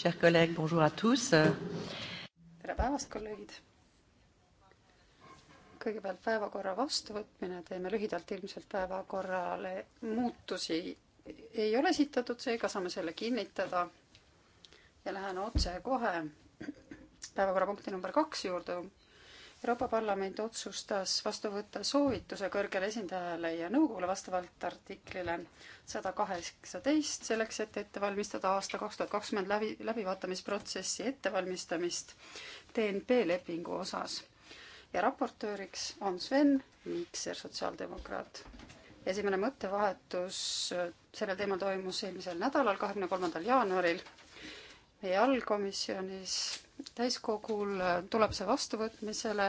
Chers collègues, bonjour à tous. tere päevast, kolleegid. kõigepealt päevakorra vastuvõtmine, teeme lühidalt, ilmselt päevakorrale muutusi ei ole esitatud, seega saame selle kinnitada. ja lähen otse kohe päevakorrapunkti number kaks juurde, Euroopa Parlament otsustas vastu võtta soovituse kõrgele esindajale ja nõukogule vastavalt artiklile sada kaheksateist selleks, et ette valmistada aasta kaks tuhat kakskümmend läbi, läbivaatamisprotsessi ettevalmistamist DNP lepingu osas. ja raportööriks on Sven Mikser, sotsiaaldemokraat. esimene mõttevahetus sellel teemal toimus eelmisel nädalal, kahekümne kolmandal jaanuaril meie allkomisjonis täiskogul äh, tuleb see vastuvõtmisele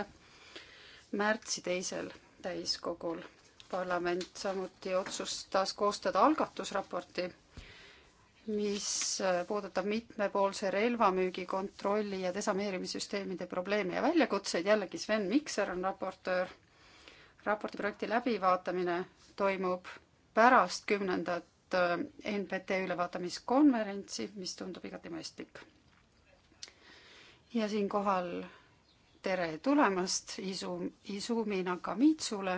märtsi teisel täiskogul. parlament samuti otsustas koostada algatusraporti, mis äh, puudutab mitmepoolse relvamüügi kontrolli ja desameerimissüsteemide probleeme ja väljakutseid. jällegi Sven Mikser on raportöör. raporti projekti läbivaatamine toimub pärast kümnendat äh, NPT ülevaatamiskonverentsi, mis tundub igati mõistlik ja siinkohal tere tulemast Isu, Izumi Nakamitsule,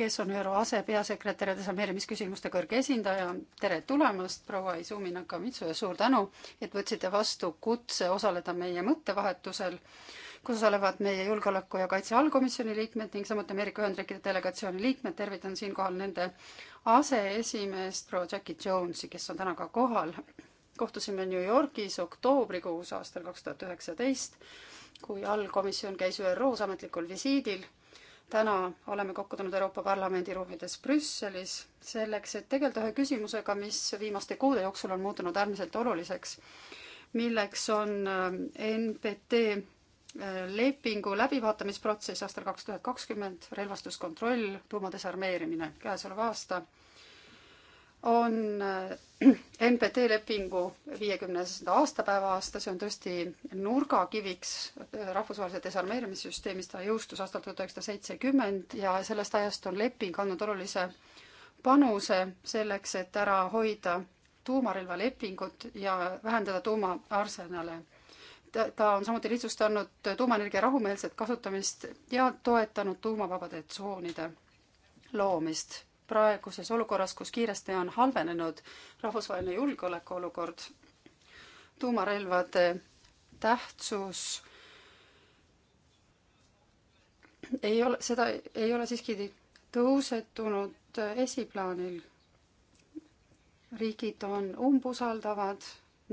kes on ÜRO asepeasekretär ja desarmeerimisküsimuste kõrge esindaja. tere tulemast, proua Izumi Nakamitsu ja suur tänu, et võtsite vastu kutse osaleda meie mõttevahetusel, kus osalevad meie julgeoleku ja kaitse allkomisjoni liikmed ning samuti Ameerika Ühendriikide delegatsiooni liikmed. tervitan siinkohal nende aseesimeest proua Jackie Jonesi, kes on täna ka kohal kohtusime New Yorgis oktoobrikuus aastal kaks tuhat üheksateist, kui allkomisjon käis ÜRO-s ametlikul visiidil. täna oleme kokku tulnud Euroopa Parlamendi ruumides Brüsselis selleks, et tegeleda ühe küsimusega, mis viimaste kuude jooksul on muutunud äärmiselt oluliseks, milleks on ähm, NPT äh, lepingu läbivaatamisprotsess aastal kaks tuhat kakskümmend, relvastuskontroll, tuumadesarmeerimine. käesoleva aasta on NPT äh, lepingu viiekümnenda aastapäeva aasta, see on tõesti nurgakiviks äh, rahvusvahelise desarmeerimissüsteemis, ta jõustus aastal tuhat üheksasada seitsekümmend ja sellest ajast on leping andnud olulise panuse selleks, et ära hoida tuumarelvalepingut ja vähendada tuumaarsenale ta on samuti lihtsustanud tuumaenergia rahumeelset kasutamist ja toetanud tuumavabade tsoonide loomist praeguses olukorras, kus kiiresti on halvenenud rahvusvaheline julgeolekuolukord, tuumarelvade tähtsus ei ole, seda ei ole siiski tõusetunud esiplaanil. riigid on umbusaldavad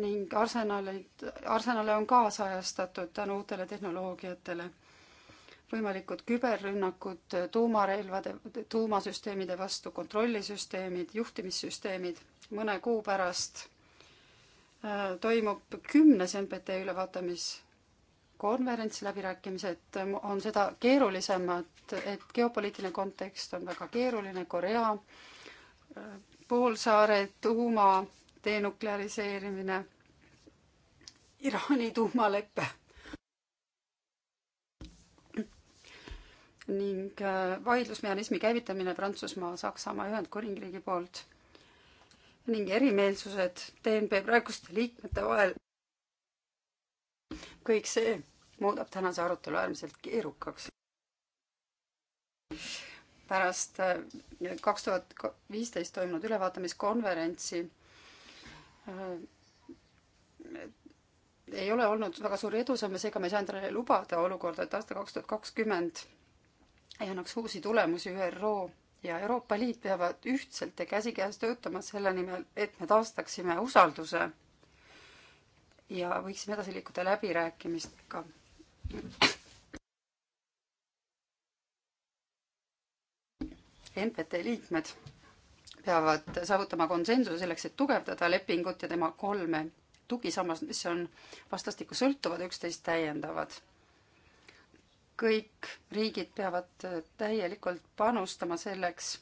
ning arsenalid, arsenale on kaasajastatud tänu uutele tehnoloogiatele võimalikud küberrünnakud tuumarelvade, tuumasüsteemide vastu, kontrollisüsteemid, juhtimissüsteemid. mõne kuu pärast äh, toimub kümnes NPT ülevaatamiskonverents, läbirääkimised on seda keerulisemad, et geopoliitiline kontekst on väga keeruline, Korea äh, poolsaare tuuma denukleariseerimine, Iraani tuumalepe ning äh, vaidlusmehhanismi käivitamine Prantsusmaa, Saksamaa, Ühendkuningriigi poolt ning erimeelsused DNB praeguste liikmete vahel. kõik see muudab tänase arutelu äärmiselt keerukaks. pärast äh, kaks tuhat viisteist toimunud ülevaatamiskonverentsi äh, ei ole olnud väga suuri edusamme, seega me ei saa endale lubada olukorda, et aasta kaks tuhat kakskümmend ei annaks uusi tulemusi ÜRO ja Euroopa Liit peavad ühtselt ja käsikäes töötama selle nimel, et me taastaksime usalduse ja võiksime edasi liikuda läbirääkimistega. NPT liikmed peavad saavutama konsensuse selleks, et tugevdada lepingut ja tema kolme tugisammast, mis on vastastikku sõltuvad, üksteist täiendavad kõik riigid peavad äh, täielikult panustama selleks,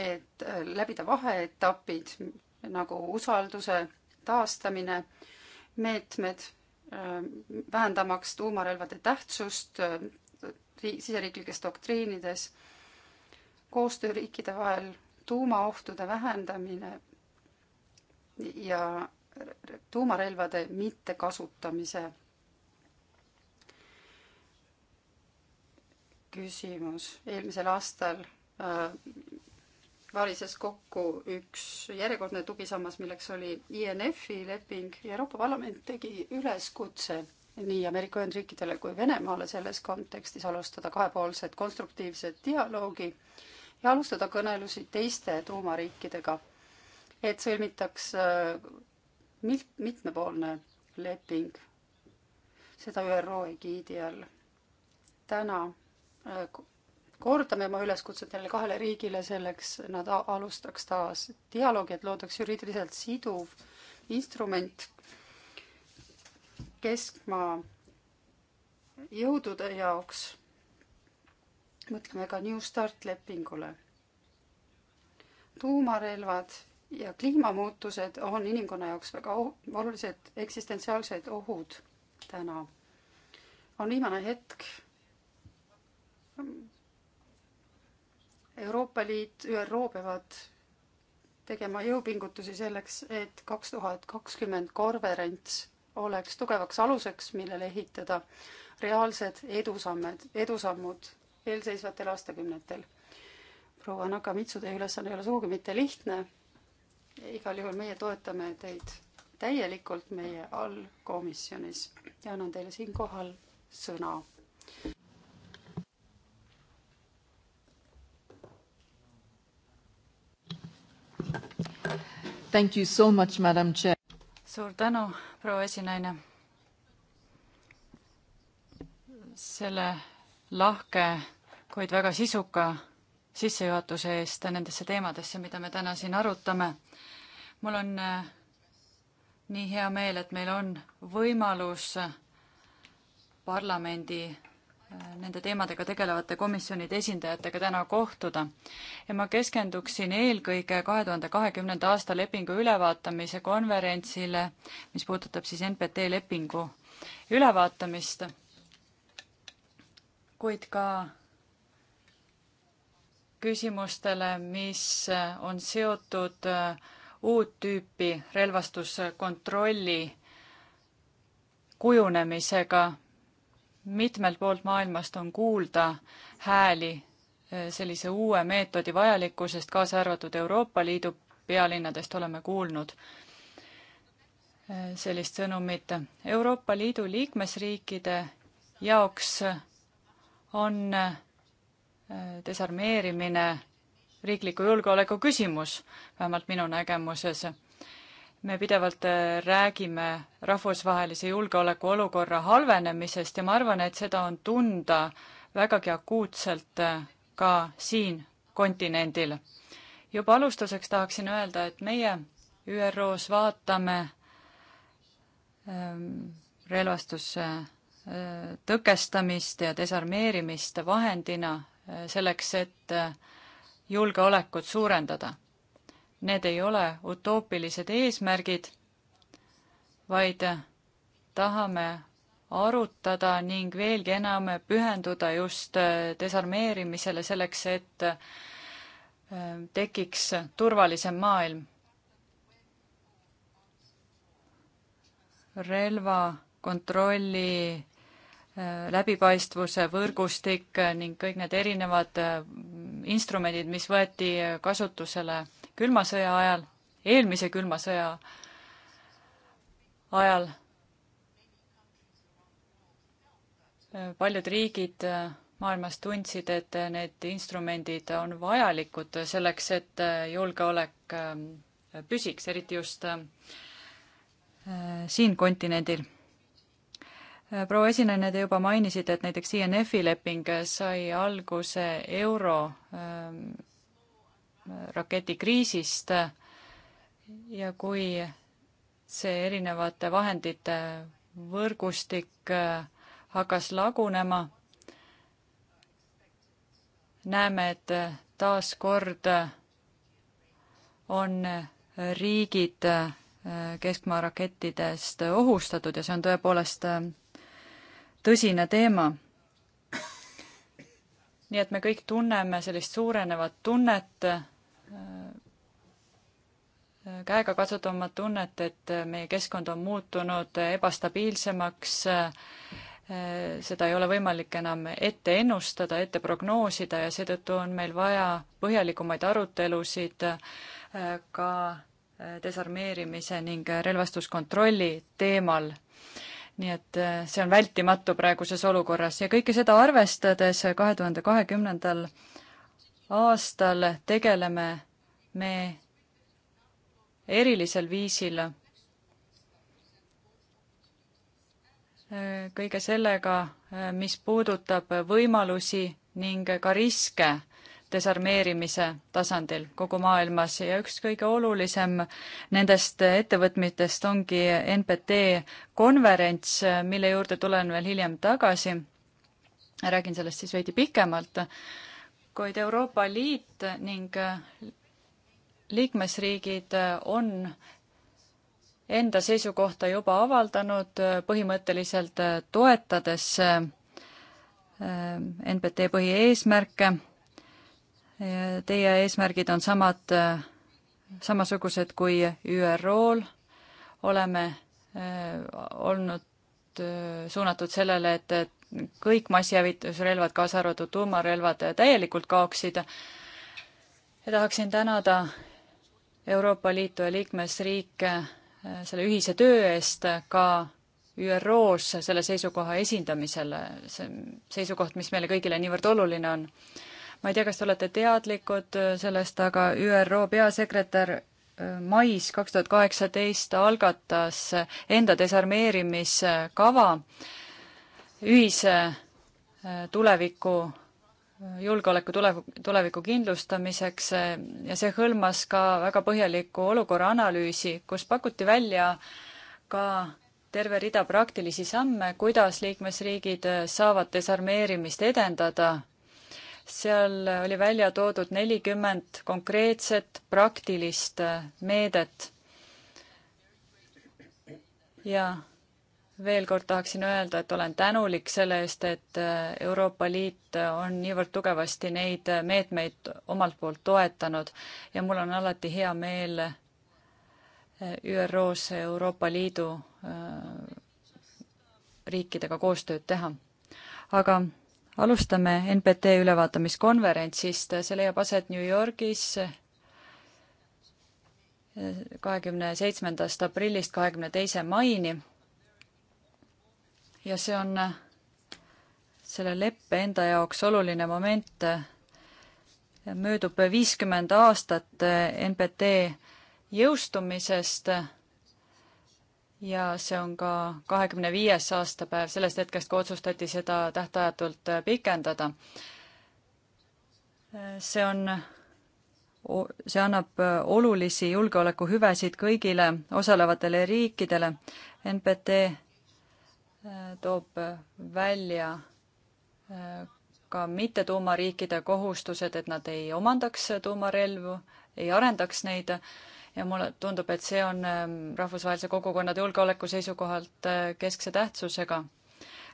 et äh, läbida vaheetapid nagu usalduse taastamine, meetmed äh, vähendamaks tuumarelvade tähtsust siseriiklikes doktriinides, koostöö riikide vahel, tuumaohtude vähendamine ja tuumarelvade mittekasutamise küsimus. eelmisel aastal äh, varises kokku üks järjekordne tugisammas, milleks oli INF-i leping ja Euroopa Parlament tegi üleskutse nii Ameerika Ühendriikidele kui Venemaale selles kontekstis alustada kahepoolset konstruktiivset dialoogi ja alustada kõnelusi teiste tuumariikidega, et sõlmitaks äh, mit-, mitmepoolne leping, seda ÜRO egiidi all. täna kordame oma üleskutset neile kahele riigile selleks, nad alustaks taas dialoogi, et loodaks juriidiliselt siduv instrument keskmaa jõudude jaoks. mõtleme ka New Start lepingule. tuumarelvad ja kliimamuutused on inimkonna jaoks väga olulised eksistentsiaalsed ohud täna. on viimane hetk Euroopa Liit, ÜRO peavad tegema jõupingutusi selleks, et kaks tuhat kakskümmend konverents oleks tugevaks aluseks, millele ehitada reaalsed edusammed, edusammud eelseisvatel aastakümnetel. proua Nakamitsu, teie ülesanne ei ole sugugi mitte lihtne. igal juhul meie toetame teid täielikult meie allkomisjonis ja annan teile siinkohal sõna. Thank you so much, madam chair. suur tänu, proua esinaine. selle lahke, kuid väga sisuka sissejuhatuse eest nendesse teemadesse, mida me täna siin arutame. mul on eh, nii hea meel, et meil on võimalus parlamendi nende teemadega tegelevate komisjonide esindajatega täna kohtuda. ja ma keskenduksin eelkõige kahe tuhande kahekümnenda aasta lepingu ülevaatamise konverentsile, mis puudutab siis NPT lepingu ülevaatamist, kuid ka küsimustele, mis on seotud uut tüüpi relvastuskontrolli kujunemisega, mitmelt poolt maailmast on kuulda hääli eh, sellise uue meetodi vajalikkusest, kaasa arvatud Euroopa Liidu pealinnadest oleme kuulnud eh, sellist sõnumit. Euroopa Liidu liikmesriikide jaoks on eh, desarmeerimine riikliku julgeoleku küsimus, vähemalt minu nägemuses me pidevalt äh, räägime rahvusvahelise julgeolekuolukorra halvenemisest ja ma arvan, et seda on tunda vägagi akuutselt äh, ka siin kontinendil. juba alustuseks tahaksin öelda, et meie ÜRO-s vaatame ähm, relvastuse äh, tõkestamist ja desarmeerimist vahendina selleks, et julgeolekut suurendada need ei ole utoopilised eesmärgid, vaid tahame arutada ning veelgi enam pühenduda just desarmeerimisele selleks, et äh, tekiks turvalisem maailm. relvakontrolli äh, läbipaistvuse võrgustik ning kõik need erinevad äh, instrumendid, mis võeti kasutusele külma sõja ajal, eelmise külma sõja ajal äh, paljud riigid äh, maailmas tundsid, et äh, need instrumendid on vajalikud selleks, et julgeolek püsiks, eriti just siin kontinendil. proua esinaine, te juba mainisite, et näiteks INF-i leping sai alguse euro ähm, raketikriisist ja kui see erinevate vahendite võrgustik hakkas lagunema, näeme, et taaskord on riigid keskmaa rakettidest ohustatud ja see on tõepoolest tõsine teema. nii et me kõik tunneme sellist suurenevat tunnet käegakatsutavamad tunnet, et meie keskkond on muutunud ebastabiilsemaks, seda ei ole võimalik enam ette ennustada, ette prognoosida ja seetõttu on meil vaja põhjalikumaid arutelusid ka desarmeerimise ning relvastuskontrolli teemal. nii et see on vältimatu praeguses olukorras ja kõike seda arvestades kahe tuhande kahekümnendal aastal tegeleme me erilisel viisil kõige sellega, mis puudutab võimalusi ning ka riske desarmeerimise tasandil kogu maailmas ja üks kõige olulisem nendest ettevõtmistest ongi NPT konverents, mille juurde tulen veel hiljem tagasi. räägin sellest siis veidi pikemalt kuid Euroopa Liit ning äh, liikmesriigid äh, on enda seisukohta juba avaldanud, äh, põhimõtteliselt toetades NPT põhieesmärke. Teie eesmärgid on samad, samasugused kui ÜRO-l. oleme olnud suunatud sellele, et kõik massihävitusrelvad, kaasa arvatud tuumarelvad, täielikult kaoksid. ja tahaksin tänada Euroopa Liitu ja liikmesriike äh, selle ühise töö eest ka ÜRO-s selle seisukoha esindamisel, see seisukoht, mis meile kõigile niivõrd oluline on. ma ei tea, kas te olete teadlikud sellest, aga ÜRO peasekretär äh, mais kaks tuhat kaheksateist algatas enda desarmeerimiskava, ühise äh, tuleviku, äh, julgeoleku tulev, tuleviku kindlustamiseks äh, ja see hõlmas ka väga põhjaliku olukorra analüüsi, kus pakuti välja ka terve rida praktilisi samme, kuidas liikmesriigid saavad desarmeerimist edendada. seal oli välja toodud nelikümmend konkreetset praktilist meedet. ja veel kord tahaksin öelda, et olen tänulik selle eest, et äh, Euroopa Liit on niivõrd tugevasti neid meetmeid omalt poolt toetanud ja mul on alati hea meel äh, ÜRO-s Euroopa Liidu äh, riikidega koostööd teha. aga alustame NPT ülevaatamiskonverentsist, see leiab aset New Yorgis kahekümne seitsmendast aprillist kahekümne teise maini ja see on äh, selle leppe enda jaoks oluline moment. möödub viiskümmend aastat äh, NPT jõustumisest ja see on ka kahekümne viies aastapäev sellest hetkest, kui otsustati seda tähtajatult äh, pikendada. see on, see annab olulisi julgeolekuhüvesid kõigile osalevatele riikidele. NPT toob äh, välja äh, ka mittetuumariikide kohustused, et nad ei omandaks äh, tuumarelvu, ei arendaks neid ja mulle tundub, et see on ähm, rahvusvahelise kogukonnade julgeoleku seisukohalt keskse tähtsusega.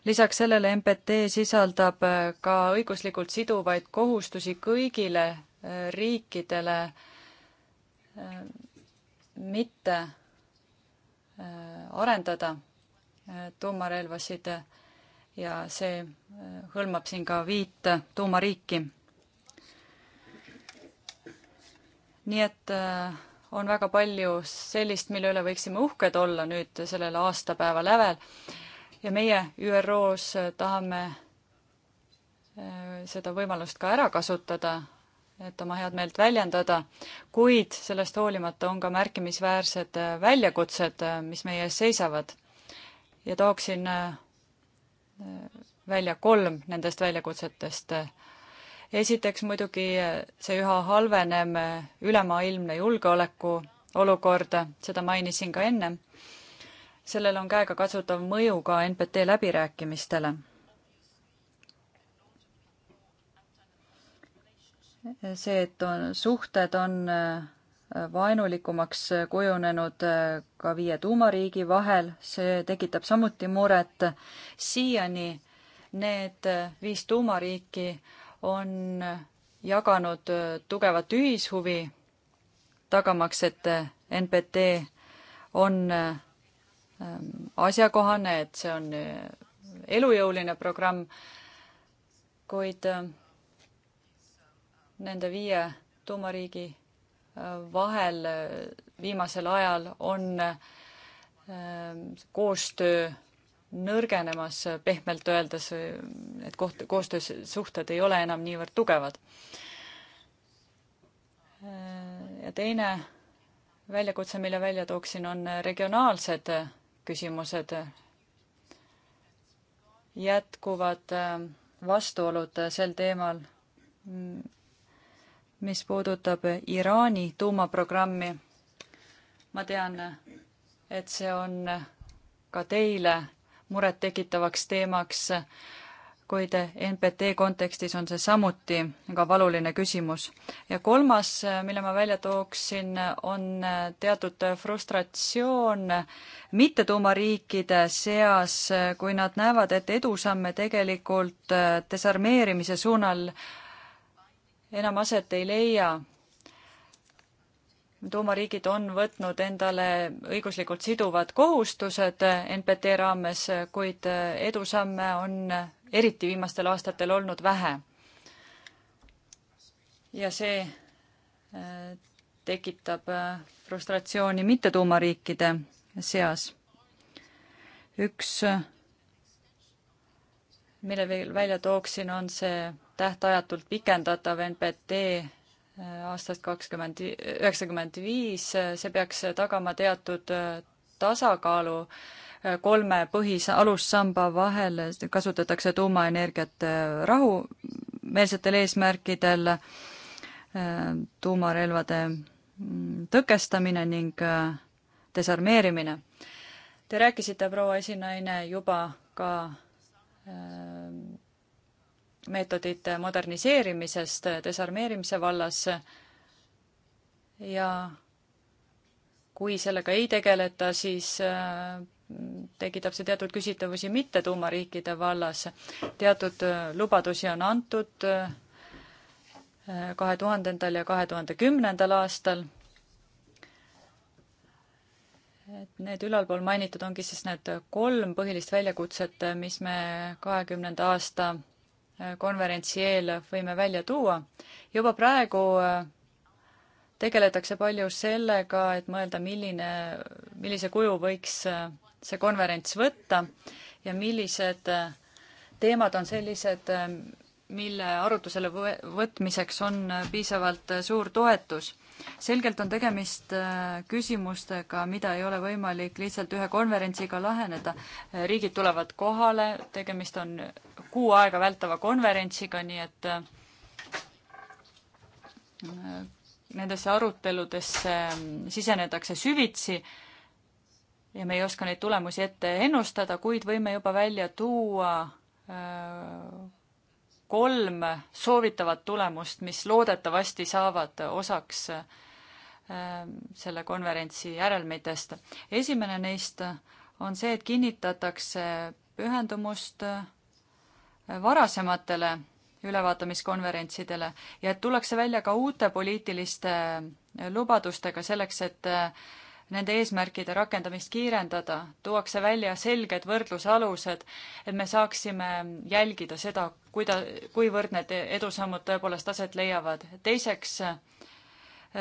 lisaks sellele MPT sisaldab ka õiguslikult siduvaid kohustusi kõigile riikidele mitte arendada tuumarelvasid ja see äh, hõlmab siin ka viit tuumariiki. nii et äh, on väga palju sellist, mille üle võiksime uhked olla nüüd sellel aastapäeva lävel ja meie ÜRO-s tahame äh, seda võimalust ka ära kasutada, et oma head meelt väljendada, kuid sellest hoolimata on ka märkimisväärsed väljakutsed, mis meie ees seisavad ja tooksin äh, välja kolm nendest väljakutsetest. esiteks muidugi äh, see üha halvenev äh, ülemaailmne julgeolekuolukord, seda mainisin ka ennem. sellel on käegakatsutav mõju ka NPT läbirääkimistele. see, et on, suhted on vaenulikumaks kujunenud äh, ka viie tuumariigi vahel, see tekitab samuti muret. siiani need äh, viis tuumariiki on äh, jaganud tugevat ühishuvi, tagamaks, et NPT on ähm, asjakohane, et see on elujõuline programm, kuid nende viie tuumariigi vahel eh, viimasel ajal on eh, koostöö nõrgenemas, pehmelt öeldes, et eh, koht, koostöösuhted ei ole enam niivõrd tugevad. ja teine väljakutse, mille välja tooksin, on regionaalsed küsimused, jätkuvad vastuolud sel teemal, mm, mis puudutab Iraani tuumaprogrammi. ma tean, et see on ka teile murettekitavaks teemaks, kuid NPT kontekstis on see samuti väga valuline küsimus. ja kolmas, mille ma välja tooksin, on teatud frustratsioon mittetuumariikide seas, kui nad näevad, et edusamme tegelikult desarmeerimise suunal enam aset ei leia. tuumariigid on võtnud endale õiguslikult siduvad kohustused NPT raames, kuid edusamme on eriti viimastel aastatel olnud vähe. ja see äh, tekitab äh, frustratsiooni mittetuumariikide seas. üks, äh, mille veel välja tooksin, on see tähtajatult pikendatav NPT äh, aastast kakskümmend, üheksakümmend viis, äh, see peaks tagama teatud äh, tasakaalu kolme põhis-, alussamba vahel, kasutatakse tuumaenergiat rahumeelsetel eesmärkidel, tuumarelvade mm, tõkestamine ning desarmeerimine. Te rääkisite, proua esinaine, juba ka meetodite moderniseerimisest desarmeerimise vallas ja kui sellega ei tegeleta, siis äh, tekitab see teatud küsitavusi mittetuumariikide vallas. teatud äh, lubadusi on antud äh, kahe tuhandendal ja kahe tuhande kümnendal aastal. et need ülalpool mainitud ongi siis need kolm põhilist väljakutset, mis me kahekümnenda aasta konverentsi eel võime välja tuua. juba praegu äh, tegeletakse palju sellega, et mõelda, milline, millise kuju võiks äh, see konverents võtta ja millised äh, teemad on sellised, mille arutusele võtmiseks on piisavalt suur toetus. selgelt on tegemist küsimustega, mida ei ole võimalik lihtsalt ühe konverentsiga laheneda. riigid tulevad kohale, tegemist on kuu aega vältava konverentsiga, nii et äh, nendesse aruteludesse mm, sisenetakse süvitsi ja me ei oska neid tulemusi ette ennustada, kuid võime juba välja tuua äh, kolm soovitavat tulemust, mis loodetavasti saavad osaks äh, selle konverentsi järelmitest. esimene neist on see, et kinnitatakse pühendumust varasematele ülevaatamiskonverentsidele ja et tullakse välja ka uute poliitiliste lubadustega selleks, et äh, nende eesmärkide rakendamist kiirendada, tuuakse välja selged võrdlusalused, et me saaksime jälgida seda, kuida-, kuivõrd need edusammud tõepoolest aset leiavad. teiseks, äh,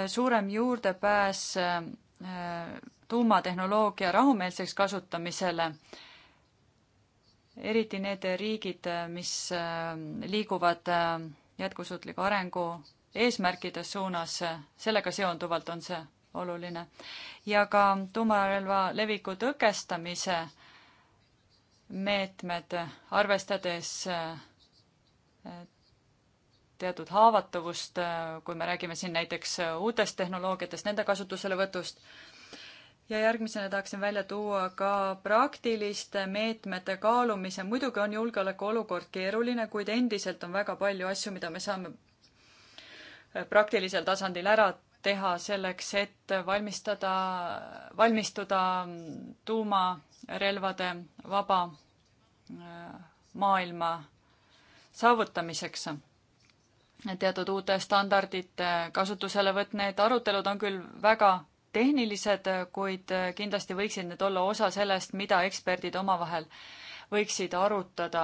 suurem juurdepääs äh, tuumatehnoloogia rahumeelseks kasutamisele eriti need riigid, mis äh, liiguvad äh, jätkusuutliku arengu eesmärkide suunas, sellega seonduvalt on see oluline. ja ka tuumarelva leviku tõkestamise meetmed, arvestades äh, teatud haavatavust, kui me räägime siin näiteks uutest tehnoloogiatest, nende kasutuselevõtust ja järgmisena tahaksin välja tuua ka praktiliste meetmete kaalumise. muidugi on julgeolekuolukord keeruline, kuid endiselt on väga palju asju, mida me saame praktilisel tasandil ära teha selleks, et valmistada, valmistuda tuumarelvade vaba äh, maailma saavutamiseks teatud uute standardite kasutuselevõtt, need arutelud on küll väga tehnilised, kuid kindlasti võiksid need olla osa sellest, mida eksperdid omavahel võiksid arutada,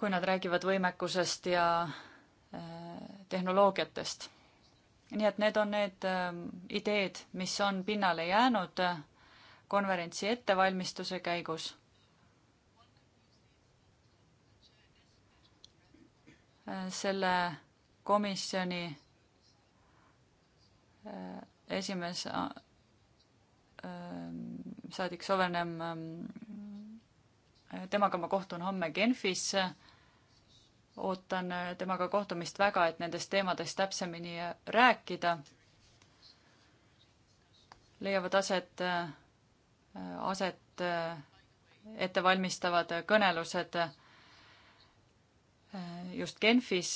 kui nad räägivad võimekusest ja eh, tehnoloogiatest. nii et need on need eh, ideed, mis on pinnale jäänud eh, konverentsi ettevalmistuse käigus selle komisjoni esimees äh, saadik Sovenem äh,, temaga ma kohtun homme Genfis. ootan äh, temaga kohtumist väga, et nendest teemadest täpsemini äh, rääkida. leiavad aset äh,, aset äh, ettevalmistavad kõnelused just Genfis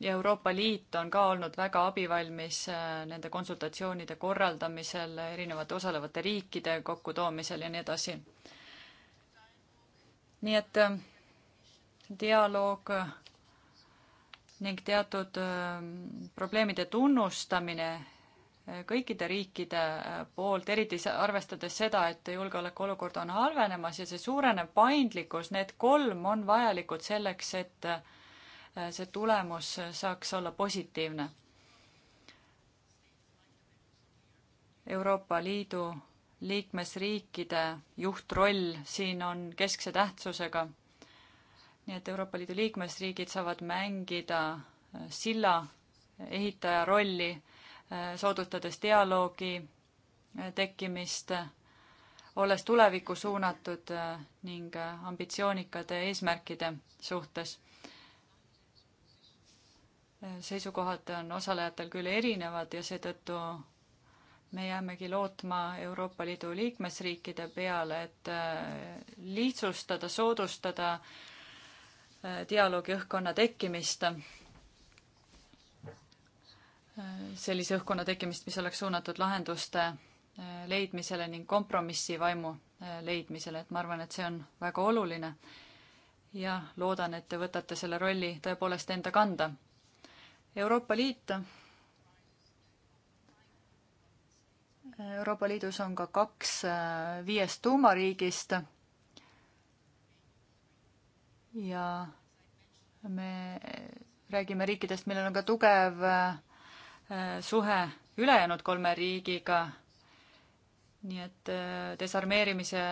ja Euroopa Liit on ka olnud väga abivalmis äh, nende konsultatsioonide korraldamisel, erinevate osalevate riikide kokkutoomisel ja nii edasi. nii et äh, dialoog äh, ning teatud probleemide tunnustamine kõikide riikide poolt, eriti arvestades seda, et julgeolekuolukord on halvenemas ja see suurenev paindlikkus, need kolm on vajalikud selleks, et Äh, see tulemus saaks olla positiivne. Euroopa Liidu liikmesriikide juhtroll siin on keskse tähtsusega. nii et Euroopa Liidu liikmesriigid saavad mängida äh, silla ehitaja rolli, äh, soodustades dialoogi tekkimist, olles tulevikku suunatud ning ambitsioonikate eesmärkide suhtes seisukohad on osalejatel küll erinevad ja seetõttu me jäämegi lootma Euroopa Liidu liikmesriikide peale, et äh, lihtsustada, soodustada äh, dialoogi õhkkonna tekkimist. Äh, sellise õhkkonna tekkimist, mis oleks suunatud lahenduste leidmisele ning kompromissivaimu leidmisele, et ma arvan, et see on väga oluline. ja loodan, et te võtate selle rolli tõepoolest enda kanda Euroopa Liit. Euroopa Liidus on ka kaks äh, viiest tuumariigist. ja me räägime riikidest, millel on ka tugev äh, suhe ülejäänud kolme riigiga. nii et äh, desarmeerimise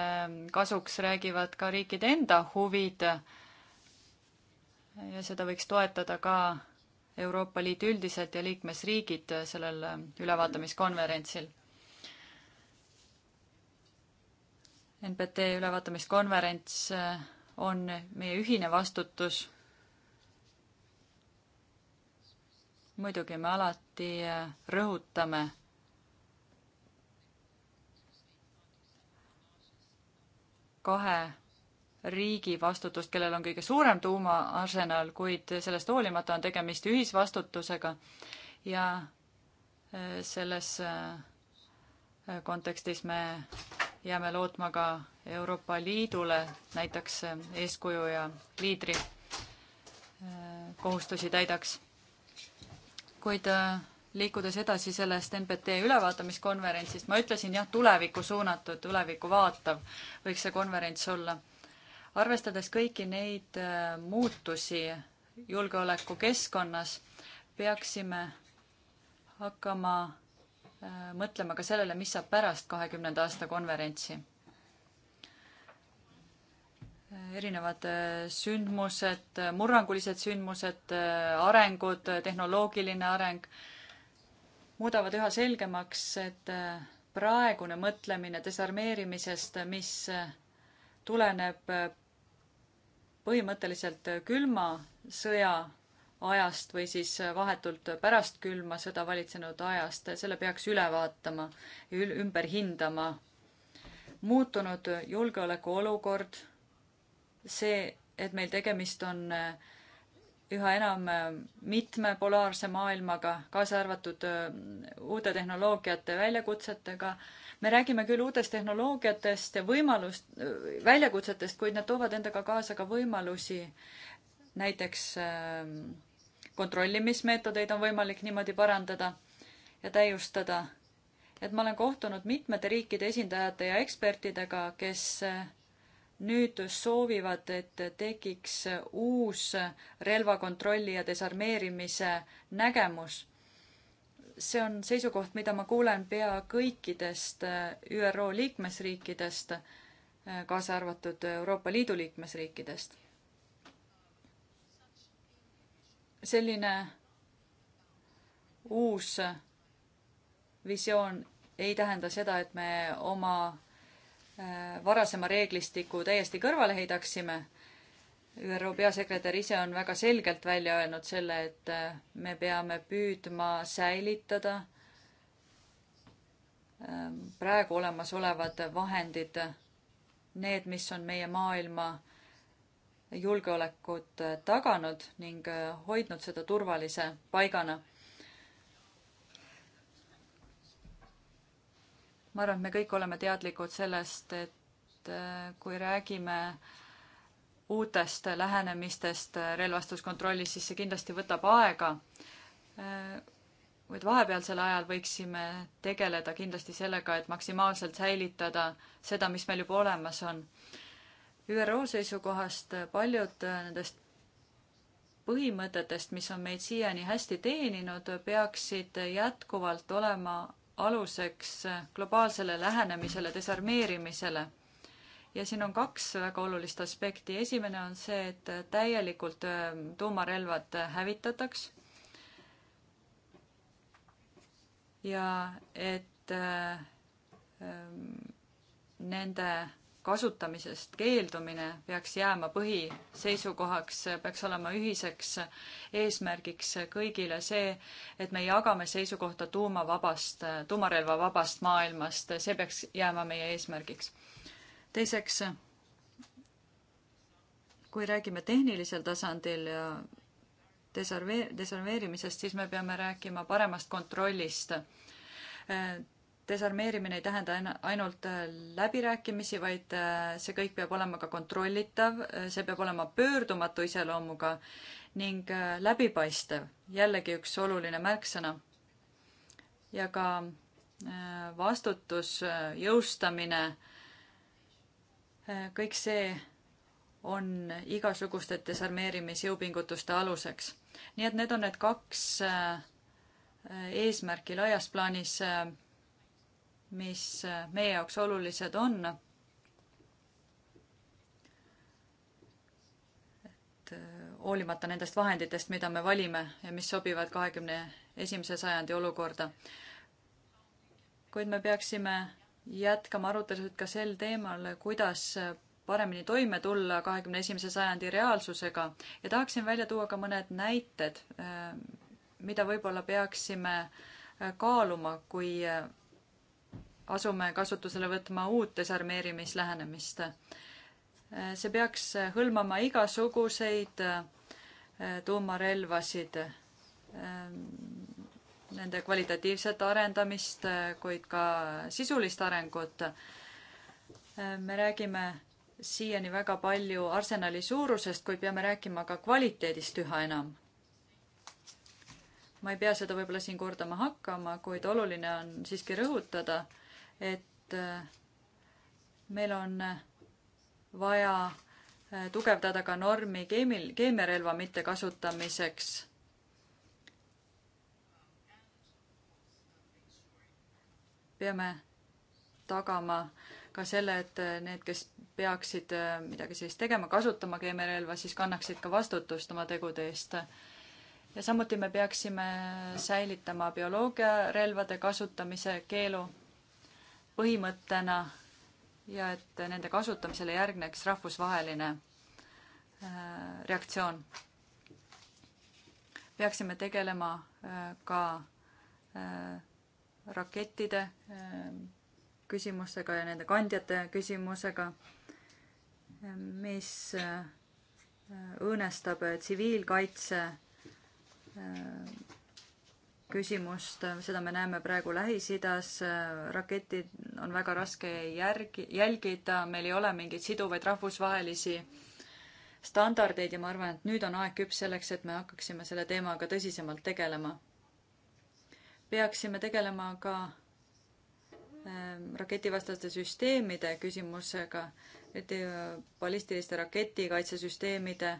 kasuks räägivad ka riikide enda huvid. ja seda võiks toetada ka Euroopa Liit üldiselt ja liikmesriigid sellel ülevaatamiskonverentsil. NPT ülevaatamiskonverents äh, on meie ühine vastutus. muidugi me alati äh, rõhutame kahe riigi vastutust, kellel on kõige suurem tuumaarsenal, kuid sellest hoolimata on tegemist ühisvastutusega ja äh, selles äh, kontekstis me jääme lootma ka Euroopa Liidule näiteks äh, eeskuju ja liidri kohustusi täidaks. kuid liikudes edasi sellest NPT ülevaatamiskonverentsist, ma ütlesin jah, tulevikku suunatud, tulevikku vaatav võiks see konverents olla arvestades kõiki neid äh, muutusi julgeolekukeskkonnas, peaksime hakkama äh, mõtlema ka sellele, mis saab pärast kahekümnenda aasta konverentsi. erinevad äh, sündmused, murrangulised sündmused, arengud, tehnoloogiline areng muudavad üha selgemaks, et praegune mõtlemine desarmeerimisest, mis tuleneb põhimõtteliselt külma sõja ajast või siis vahetult pärast külma sõda valitsenud ajast, selle peaks üle vaatama ja ümber hindama. muutunud julgeolekuolukord, see, et meil tegemist on äh, üha enam äh, mitmepolaarse maailmaga, kaasa arvatud äh, uute tehnoloogiate väljakutsetega me räägime küll uutest tehnoloogiatest ja võimalust, väljakutsetest, kuid need toovad endaga kaasa ka võimalusi. näiteks ähm, kontrollimismeetodeid on võimalik niimoodi parandada ja täiustada. et ma olen kohtunud mitmete riikide esindajate ja ekspertidega, kes äh, nüüd soovivad, et tekiks uus relvakontrolli ja desarmeerimise nägemus see on seisukoht, mida ma kuulen pea kõikidest äh, ÜRO liikmesriikidest, äh, kaasa arvatud Euroopa Liidu liikmesriikidest. selline uus visioon ei tähenda seda, et me oma äh, varasema reeglistiku täiesti kõrvale heidaksime ÜRO peasekretär ise on väga selgelt välja öelnud selle, et äh, me peame püüdma säilitada ähm, praegu olemasolevad vahendid, need, mis on meie maailma julgeolekut äh, taganud ning äh, hoidnud seda turvalise paigana. ma arvan, et me kõik oleme teadlikud sellest, et kui räägime äh, uutest lähenemistest relvastuskontrollis, siis see kindlasti võtab aega. Äh, kuid vahepealsel ajal võiksime tegeleda kindlasti sellega, et maksimaalselt säilitada seda, mis meil juba olemas on. ÜRO seisukohast paljud nendest põhimõtetest, mis on meid siiani hästi teeninud, peaksid jätkuvalt olema aluseks globaalsele lähenemisele, desarmeerimisele ja siin on kaks väga olulist aspekti. esimene on see, et täielikult äh, tuumarelvad hävitataks. ja et äh, ähm, nende kasutamisest keeldumine peaks jääma põhiseisukohaks, peaks olema ühiseks eesmärgiks kõigile see, et me jagame seisukohta tuumavabast, tuumarelvavabast maailmast, see peaks jääma meie eesmärgiks teiseks, kui räägime tehnilisel tasandil ja desarve-, desarmeerimisest, siis me peame rääkima paremast kontrollist. desarmeerimine ei tähenda ainult läbirääkimisi, vaid see kõik peab olema ka kontrollitav, see peab olema pöördumatu iseloomuga ning läbipaistev, jällegi üks oluline märksõna. ja ka vastutus, jõustamine kõik see on igasuguste desarmeerimisjõupingutuste aluseks. nii et need on need kaks äh, eesmärki laias plaanis, äh, mis äh, meie jaoks olulised on. et hoolimata nendest vahenditest, mida me valime ja mis sobivad kahekümne esimese sajandi olukorda. kuid me peaksime jätkame arutelusid ka sel teemal, kuidas paremini toime tulla kahekümne esimese sajandi reaalsusega ja tahaksin välja tuua ka mõned näited, eh, mida võib-olla peaksime eh, kaaluma, kui eh, asume kasutusele võtma uut desarmeerimislähenemist. see peaks hõlmama igasuguseid tuumarelvasid nende kvalitatiivset arendamist, kuid ka sisulist arengut. me räägime siiani väga palju arsenali suurusest, kuid peame rääkima ka kvaliteedist üha enam. ma ei pea seda võib-olla siin kordama hakkama, kuid oluline on siiski rõhutada, et meil on vaja tugevdada ka normi keemil, keemiarelva mittekasutamiseks peame tagama ka selle, et äh, need, kes peaksid äh, midagi sellist tegema, kasutama keemiarelva, siis kannaksid ka vastutust oma tegude eest. ja samuti me peaksime säilitama bioloogiarelvade kasutamise keelu põhimõttena ja et nende kasutamisele järgneks rahvusvaheline äh, reaktsioon. peaksime tegelema ka rakettide ehm, küsimustega ja nende kandjate küsimusega, ehm, mis ehm, õõnestab äh, tsiviilkaitse küsimust, seda me näeme praegu Lähis-Idas, raketid on väga raske järgi, jälgida, meil ei ole mingeid siduvaid rahvusvahelisi standardeid ja ma arvan, et nüüd on aeg küps selleks, et me hakkaksime selle teemaga tõsisemalt tegelema peaksime tegelema ka ähm, raketivastaste süsteemide küsimusega, et äh, ballistiliste raketikaitsesüsteemide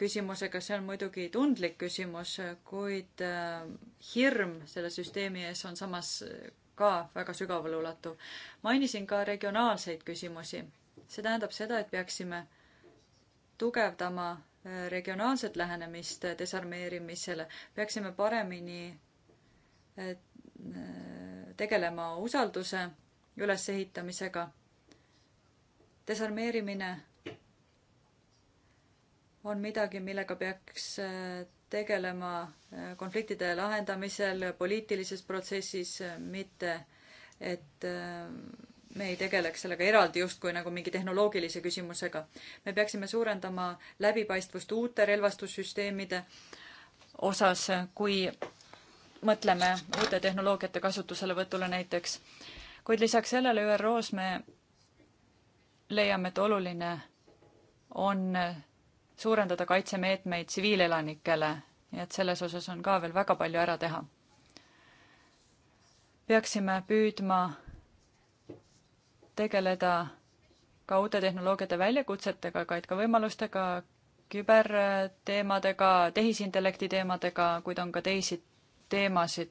küsimusega, see on muidugi tundlik küsimus, kuid ähm, hirm selle süsteemi ees on samas äh, ka väga sügavale ulatuv. mainisin ka regionaalseid küsimusi. see tähendab seda, et peaksime tugevdama äh, regionaalset lähenemist desarmeerimisele, peaksime paremini Äh, tegelema usalduse ülesehitamisega. desarmeerimine on midagi, millega peaks äh, tegelema äh, konfliktide lahendamisel poliitilises protsessis, mitte et me ei tegeleks sellega eraldi justkui nagu mingi tehnoloogilise küsimusega. me peaksime suurendama läbipaistvust uute relvastussüsteemide osas, kui mõtleme uute tehnoloogiate kasutuselevõtule näiteks. kuid lisaks sellele ÜRO-s me leiame, et oluline on suurendada kaitsemeetmeid tsiviilelanikele, nii et selles osas on ka veel väga palju ära teha. peaksime püüdma tegeleda ka uute tehnoloogiate väljakutsetega, vaid ka võimalustega, küberteemadega, tehisintellekti teemadega, kuid on ka teisi teemasid.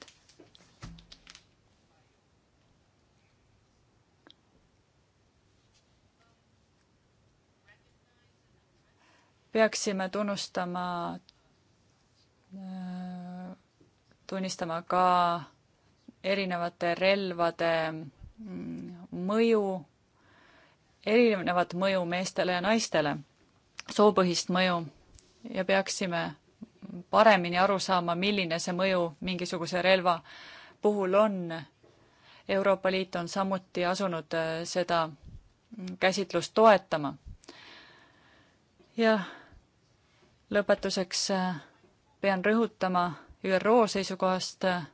peaksime tunnustama, äh, tunnistama ka erinevate relvade mm, mõju, erinevat mõju meestele ja naistele, soopõhist mõju ja peaksime paremini aru saama, milline see mõju mingisuguse relva puhul on. Euroopa Liit on samuti asunud äh, seda käsitlust toetama. ja lõpetuseks äh, pean rõhutama ÜRO seisukohast äh,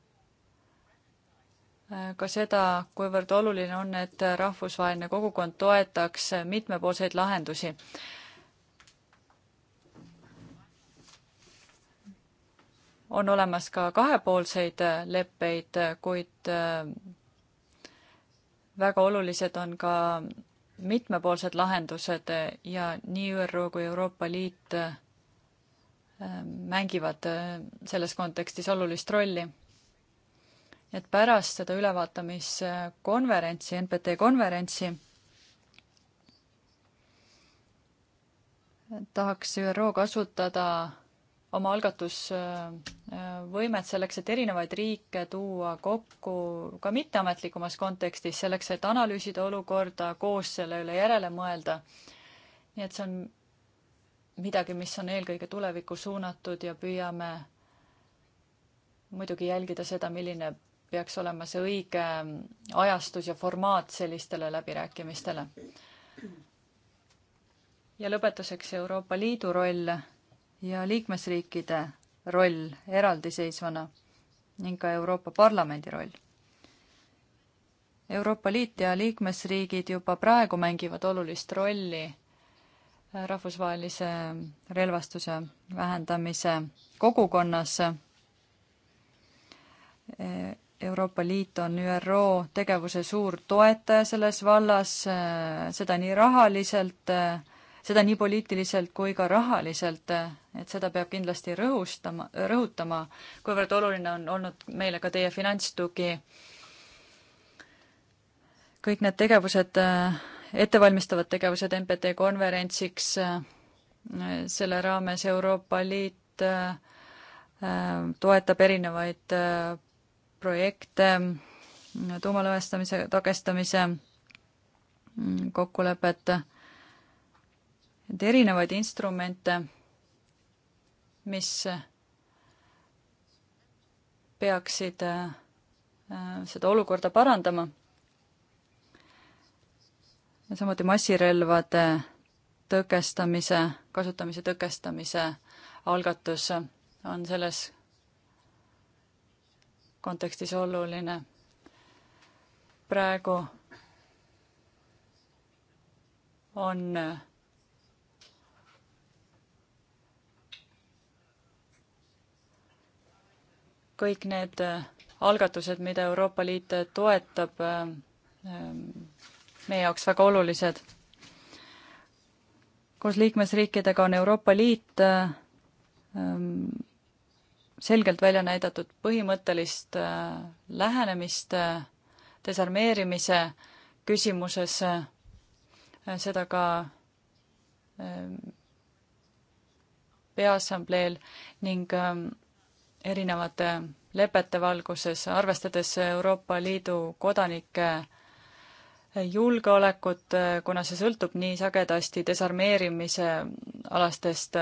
ka seda, kuivõrd oluline on, et rahvusvaheline kogukond toetaks mitmepoolseid lahendusi on olemas ka kahepoolseid leppeid, kuid äh, väga olulised on ka mitmepoolsed lahendused ja nii ÜRO kui Euroopa Liit äh, mängivad äh, selles kontekstis olulist rolli. et pärast seda ülevaatamiskonverentsi, NPT konverentsi, tahaks ÜRO kasutada oma algatusvõimet selleks, et erinevaid riike tuua kokku ka mitteametlikumas kontekstis, selleks et analüüsida olukorda, koos selle üle järele mõelda. nii et see on midagi, mis on eelkõige tulevikku suunatud ja püüame muidugi jälgida seda, milline peaks olema see õige ajastus ja formaat sellistele läbirääkimistele. ja lõpetuseks Euroopa Liidu roll ja liikmesriikide roll eraldiseisvana ning ka Euroopa Parlamendi roll. Euroopa Liit ja liikmesriigid juba praegu mängivad olulist rolli rahvusvahelise relvastuse vähendamise kogukonnas. Euroopa Liit on ÜRO tegevuse suur toetaja selles vallas, seda nii rahaliselt, seda nii poliitiliselt kui ka rahaliselt, et seda peab kindlasti rõhustama, rõhutama, kuivõrd oluline on olnud meile ka teie finantstugi. kõik need tegevused, ettevalmistavad tegevused MPT konverentsiks, selle raames Euroopa Liit toetab erinevaid projekte, tuumalõhestamise, takestamise kokkulepet et erinevaid instrumente, mis peaksid äh, seda olukorda parandama. samuti massirelvade tõkestamise, kasutamise tõkestamise algatus on selles kontekstis oluline. praegu on kõik need äh, algatused, mida Euroopa Liit äh, toetab, äh, meie jaoks väga olulised. koos liikmesriikidega on Euroopa Liit ähm, selgelt välja näidatud põhimõttelist lähenemist desarmeerimise küsimuses, seda ka ähm, peaassambleel ning ähm, erinevate lepete valguses, arvestades Euroopa Liidu kodanike julgeolekut, kuna see sõltub nii sagedasti desarmeerimise alastest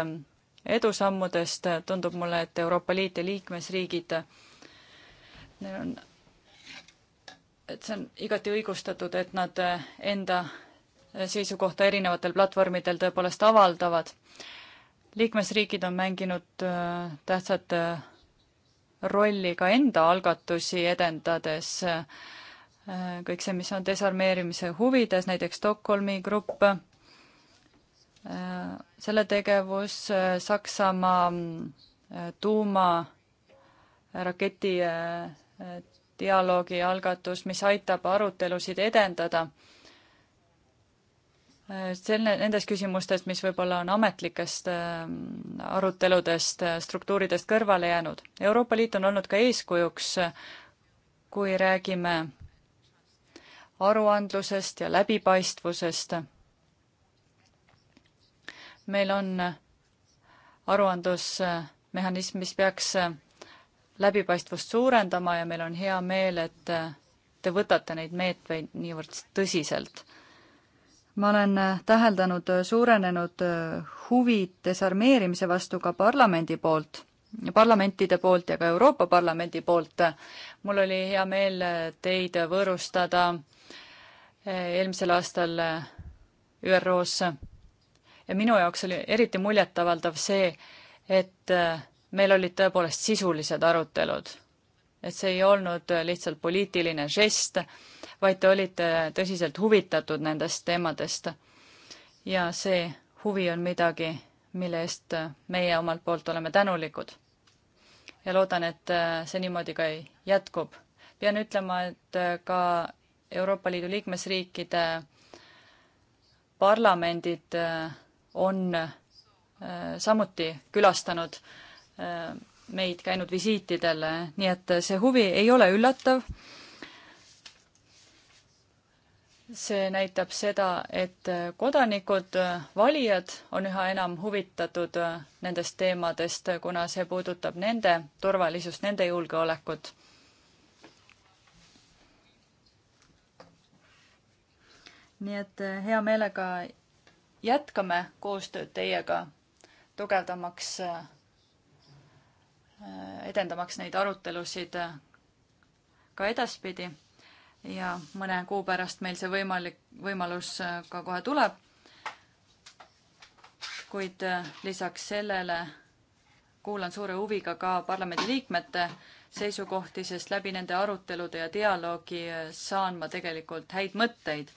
edusammudest, tundub mulle, et Euroopa Liit ja liikmesriigid, neil on, et see on igati õigustatud, et nad enda seisukohta erinevatel platvormidel tõepoolest avaldavad. liikmesriigid on mänginud äh, tähtsat äh, rolli ka enda algatusi edendades. Äh, kõik see, mis on desarmeerimise huvides, näiteks Stockholmi grupp, äh, selle tegevus, äh, Saksamaa tuumaraketi dialoogi algatus, mis aitab arutelusid edendada selle, nendes küsimustes, mis võib-olla on ametlikest ähm, aruteludest, äh, struktuuridest kõrvale jäänud. Euroopa Liit on olnud ka eeskujuks, kui räägime aruandlusest ja läbipaistvusest. meil on aruandlusmehhanism, mis peaks läbipaistvust suurendama ja meil on hea meel, et te võtate neid meetmeid niivõrd tõsiselt ma olen äh, täheldanud äh, suurenenud äh, huvi desarmeerimise vastu ka parlamendi poolt, parlamentide poolt ja ka Euroopa Parlamendi poolt. mul oli hea meel teid võõrustada eelmisel aastal ÜRO-s ja minu jaoks oli eriti muljetavaldav see, et meil olid tõepoolest sisulised arutelud et see ei olnud lihtsalt poliitiline žest, vaid te olite tõsiselt huvitatud nendest teemadest. ja see huvi on midagi, mille eest meie omalt poolt oleme tänulikud. ja loodan, et see niimoodi ka jätkub. pean ütlema, et ka Euroopa Liidu liikmesriikide parlamendid on eh, samuti külastanud eh, meid käinud visiitidel, nii et see huvi ei ole üllatav. see näitab seda, et kodanikud, valijad on üha enam huvitatud nendest teemadest, kuna see puudutab nende turvalisust, nende julgeolekut. nii et hea meelega jätkame koostööd teiega, tugevdamaks Äh, edendamaks neid arutelusid ka edaspidi ja mõne kuu pärast meil see võimalik, võimalus äh, ka kohe tuleb. kuid äh, lisaks sellele kuulan suure huviga ka parlamendiliikmete seisukohti, sest läbi nende arutelude ja dialoogi saan ma tegelikult häid mõtteid,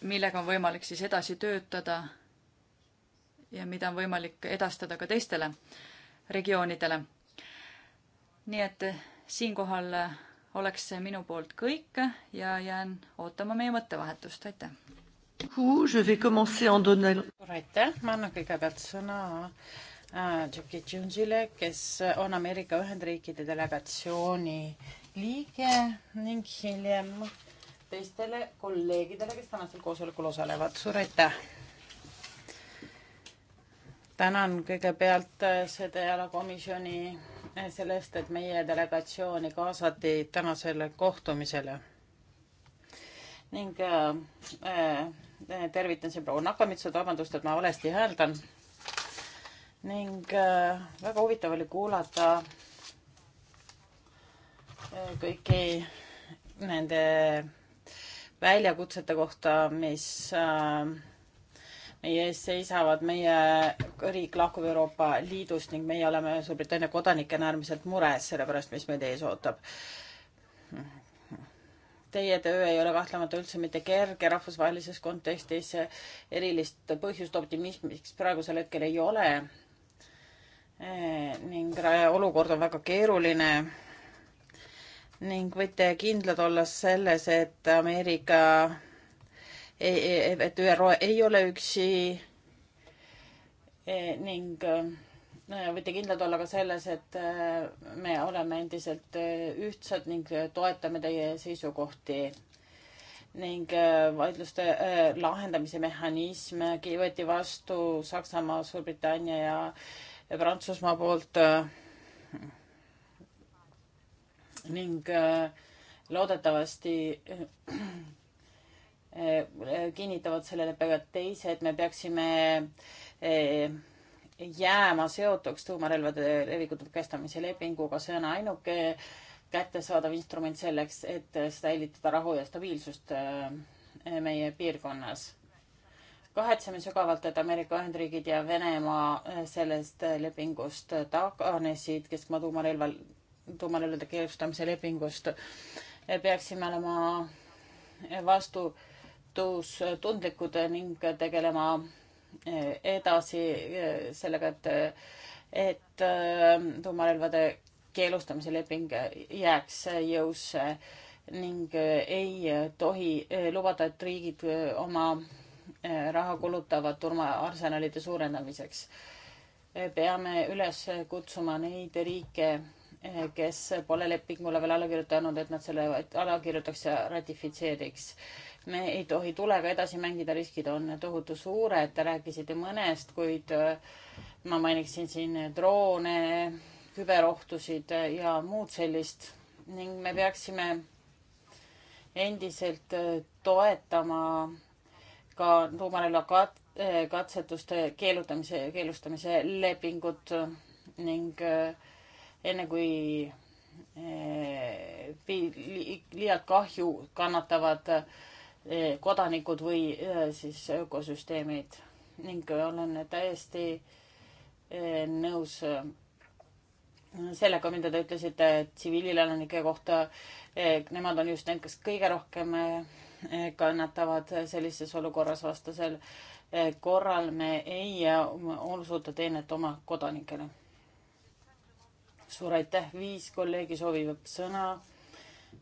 millega on võimalik siis edasi töötada ja mida on võimalik edastada ka teistele regioonidele. nii et siinkohal oleks see minu poolt kõik ja jään ootama meie mõttevahetust, aitäh. aitäh, ma annan kõigepealt sõna äh, Jackie Jonesile, kes on Ameerika Ühendriikide delegatsiooni liige ning hiljem teistele kolleegidele, kes tänasel koosolekul osalevad, suur aitäh tänan kõigepealt äh, selle alakomisjoni äh, selle eest, et meie delegatsiooni kaasati tänasele kohtumisele. ning äh, äh tervitan siin proua Nakamitsat, vabandust, et ma valesti hääldan. ning äh, väga huvitav oli kuulata äh, kõiki nende väljakutsete kohta, mis äh, meie ees seisavad meie riik lahkub Euroopa Liidust ning meie oleme Suurbritannia kodanikena äärmiselt mures selle pärast, mis meid ees ootab. Teie töö ei ole kahtlemata üldse mitte kerge rahvusvahelises kontekstis, erilist põhjust optimismiks praegusel hetkel ei ole e. ning olukord on väga keeruline ning võite kindlad olla selles, et Ameerika E, e, et ÜRO ei ole üksi e, ning äh, võite kindlad olla ka selles, et äh, me oleme endiselt äh, ühtsad ning toetame teie seisukohti. ning vaidluste lahendamise mehhanism võeti vastu Saksamaa, Suurbritannia ja Prantsusmaa poolt. ning loodetavasti Eh, kinnitavad selle leppega teised, me peaksime eh, jääma seotuks tuumarelvade leviku tõkestamise lepinguga, see on ainuke kättesaadav instrument selleks, et säilitada rahu ja stabiilsust eh, meie piirkonnas. kahetseme sügavalt, et Ameerika Ühendriigid ja Venemaa sellest lepingust taganesid, keskmaa tuumarelval, tuumarelvade keelustamise lepingust. peaksime olema vastu äh, vastutustundlikud ning tegelema eh, edasi eh, sellega, et, et eh, tuumarelvade keelustamise leping jääks jõusse ning ei tohi lubada, et riigid oma raha kulutavad turmaarsenalide suurendamiseks. peame üles kutsuma neid riike, kes pole lepingule veel alla kirjutanud, et nad selle alla kirjutaks ja ratifitseeriks me ei tohi tulega edasi mängida, riskid on tohutu suured, te rääkisite mõnest, kuid äh, ma mainiksin siin droone, küberohtusid ja muud sellist ning me peaksime endiselt äh, toetama ka tuumarelva kat-, äh, katsetuste keelutamise, keelustamise lepingut ning enne kui liialt kahju kannatavad äh, Eh, kodanikud või eh, siis ökosüsteemid ning olen täiesti eh, nõus sellega, mida te ütlesite tsiviilelanike kohta. Nemad on just need, kes kõige rohkem kannatavad sellises olukorras vastasel korral me ei osuta teenet oma kodanikele. suur aitäh, viis kolleegi soovivad sõna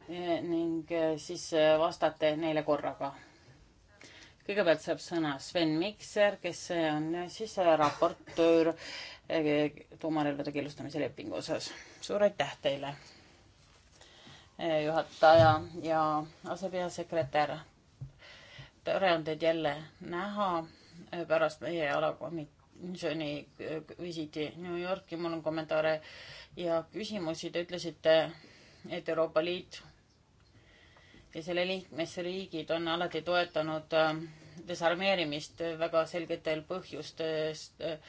Eh, ning eh, siis eh, vastate neile korraga. kõigepealt saab sõna Sven Mikser, kes on siis raportöör tuumarelvade keelustamise lepingu osas. suur aitäh teile, juhataja ja asepeasekretär. tore on teid jälle näha pärast meie alakomisjoni visiiti New Yorki. mul on kommentaare ja küsimusi. Te ütlesite, et Euroopa Liit ja selle liikmesriigid on alati toetanud äh, desarmeerimist väga selgetel põhjustest. Äh,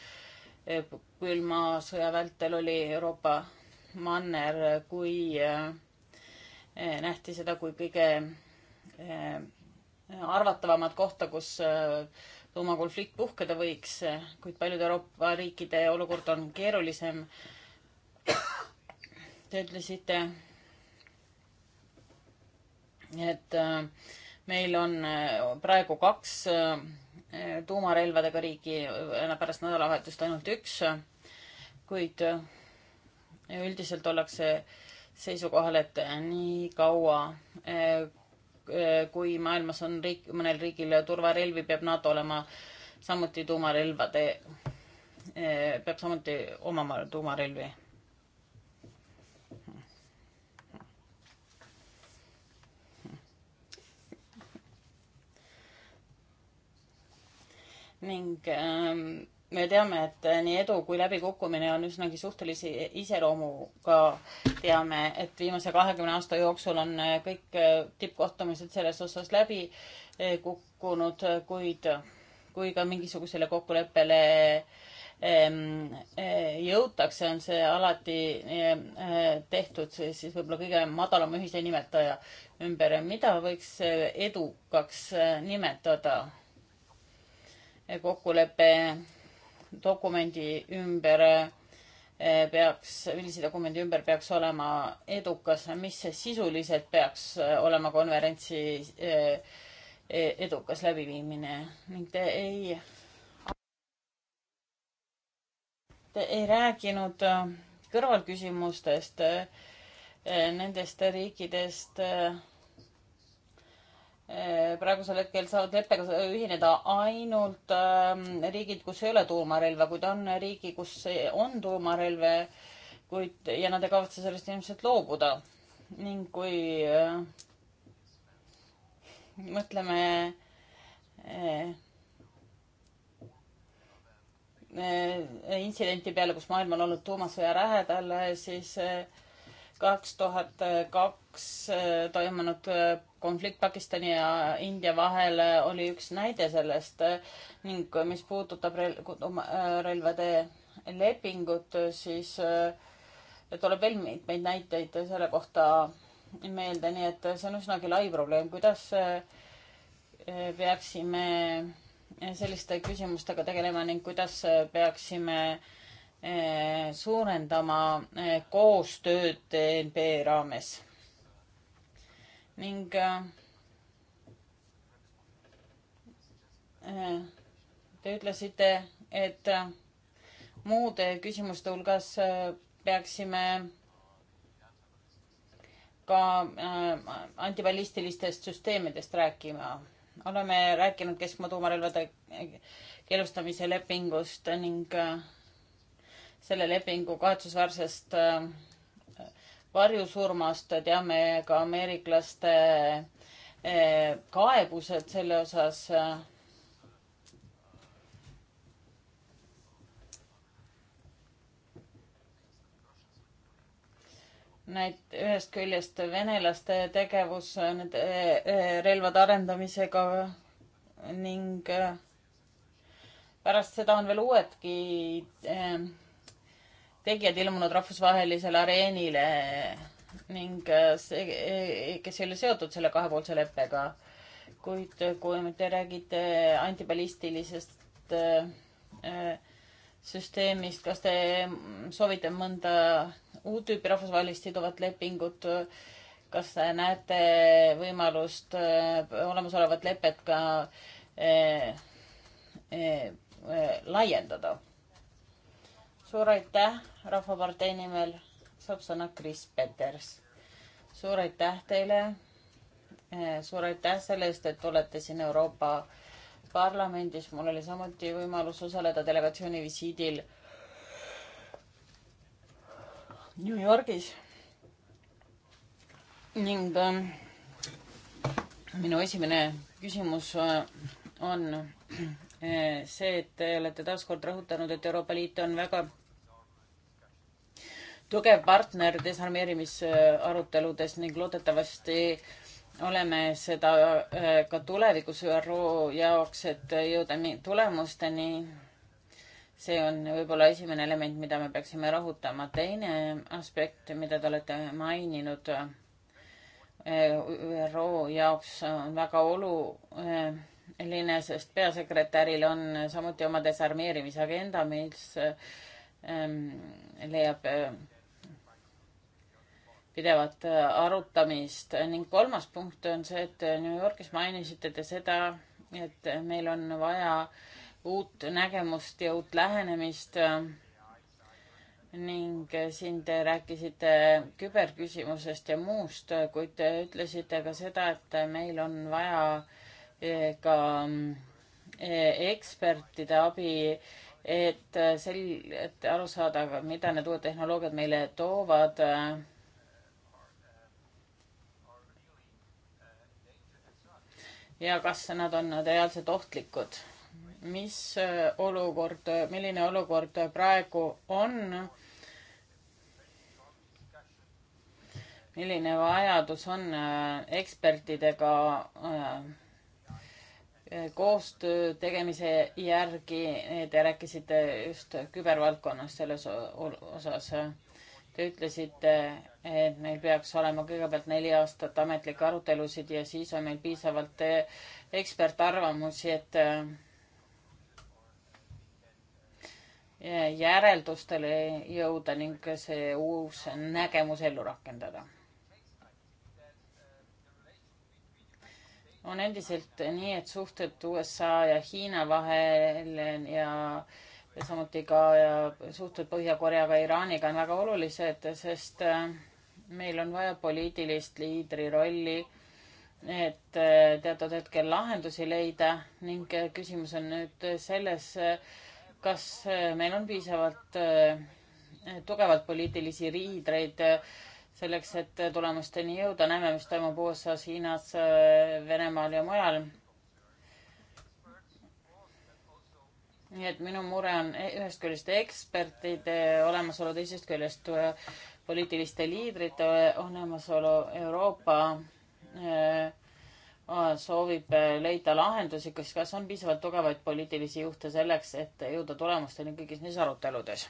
külma sõja vältel oli Euroopa manner, kui äh, nähti seda kui kõige arvatavamat kohta, kus tuumakonflikt puhkeda võiks, kuid paljude Euroopa riikide olukord on keerulisem. Te ütlesite et äh, meil on äh, praegu kaks äh, tuumarelvadega riiki, pärast nädalavahetust ainult üks, kuid üldiselt ollakse seisukohal, et nii kaua kui maailmas on riik, mõnel riigil turvarelvi, peab NATO olema samuti tuumarelvade, peab samuti omama tuumarelvi ning ähm, me teame, et äh, nii edu kui läbikukkumine on üsnagi suhtelise iseloomuga. teame, et viimase kahekümne aasta jooksul on äh, kõik äh, tippkohtumised selles osas läbi kukkunud, kuid kui ka mingisugusele kokkuleppele ähm, jõutakse, on see alati ähm, tehtud siis võib-olla kõige madalama ühise nimetaja ümber. mida võiks edukaks nimetada? kokkulepe dokumendi ümber eh, peaks, millise dokumendi ümber peaks olema edukas, mis sisuliselt peaks eh, olema konverentsi eh, edukas läbiviimine ning te ei, te ei rääkinud kõrvalküsimustest, nendest riikidest, Eh, praegusel hetkel saavad leppega ühineda ainult ehm, riigid, kus ei ole tuumarelva, kuid on riigi, kus on tuumarelv, kuid, ja nad ei kavatse sellest ilmselt loobuda. ning kui eh, mõtleme eh, intsidenti peale, kus maailm on olnud tuumasõja lähedal, siis kaks tuhat kaks toimunud konflikt Pakistani ja India vahel äh, oli üks näide sellest äh, ning mis puudutab rel-, äh, relvade lepingut, siis tuleb veel mitmeid näiteid selle kohta meelde, nii et see on üsnagi lai probleem, kuidas peaksime selliste küsimustega tegelema ning kuidas peaksime suurendama koostööd NB raames ning äh, te ütlesite, et äh, muude küsimuste hulgas äh, peaksime ka antiballistilistest süsteemidest rääkima. oleme rääkinud keskmaa tuumarelvade keelustamise lepingust ning selle lepingu kahetsusväärsest äh, varjusurmast, teame ka ameeriklaste eh, kaebused selle osas. näit-, ühest küljest venelaste tegevus nende eh, eh, relvade arendamisega ning pärast seda on veel uuedki tegijad ilmunud rahvusvahelisele areenile eh, ning eh, see, eh, kes ei ole seotud selle kahepoolse leppega. kuid kui te räägite antiballistilisest süsteemist, kas te mm, soovite mõnda uut tüüpi rahvusvahelist siduvat lepingut? kas te näete võimalust olemasolevat lepet ka laiendada? suur aitäh Rahvapartei nimel, saab sõna Kris Peters. suur aitäh teile, eh, suur aitäh selle eest, et olete siin Euroopa Parlamendis, mul oli samuti võimalus osaleda delegatsiooni visiidil New Yorgis ning eh, minu esimene küsimus eh, on see, et te olete taaskord rõhutanud, et Euroopa Liit on väga tugev partner desarmeerimisaruteludes ning loodetavasti oleme seda äh, ka tulevikus ÜRO jaoks, et jõuda tulemusteni. see on võib-olla esimene element, mida me peaksime rõhutama. teine aspekt, mida te olete maininud äh, ÜRO jaoks on väga oluline, äh, sest peasekretäril on samuti oma desarmeerimisagenda, mis ähm, leiab pidevat äh, arutamist ning kolmas punkt on see, et äh, New Yorgis mainisite te seda, et meil on vaja uut nägemust ja uut lähenemist. ning äh, siin te rääkisite küberküsimusest ja muust, kuid te ütlesite ka seda, et meil on vaja ka mm, ekspertide abi, et sel-, et aru saada, mida need uued tehnoloogiad meile toovad ja kas nad on reaalselt ohtlikud. mis äh, olukord, milline olukord praegu on? milline vajadus on äh, ekspertidega äh, koostöö tegemise järgi, te rääkisite just kübervaldkonnast selles osas Te ütlesite, et meil peaks olema kõigepealt neli aastat ametlikke arutelusid ja siis on meil piisavalt eh, ekspertarvamusi, et eh, eh, järeldustele jõuda ning see uus nägemus ellu rakendada. on endiselt nii, et suhted USA ja Hiina vahel ja äh, ja samuti ka äh, suhted Põhja-Koreaga, Iraaniga on väga olulised, sest äh, meil on vaja poliitilist liidri rolli, et äh, teatud hetkel lahendusi leida ning küsimus on nüüd selles, kas meil on piisavalt tugevalt poliitilisi liidreid selleks, et tulemusteni jõuda. näeme, mis toimub USA-s, Hiinas, Venemaal ja mujal nii et minu mure on e-, ühest küljest ekspertide olemasolu, teisest küljest äh, poliitiliste liidrite olemasolu. Euroopa äh, soovib äh, leida lahendusi, kas, kas on piisavalt tugevaid poliitilisi juhte selleks, et jõuda tulemusteni kõigis neis aruteludes?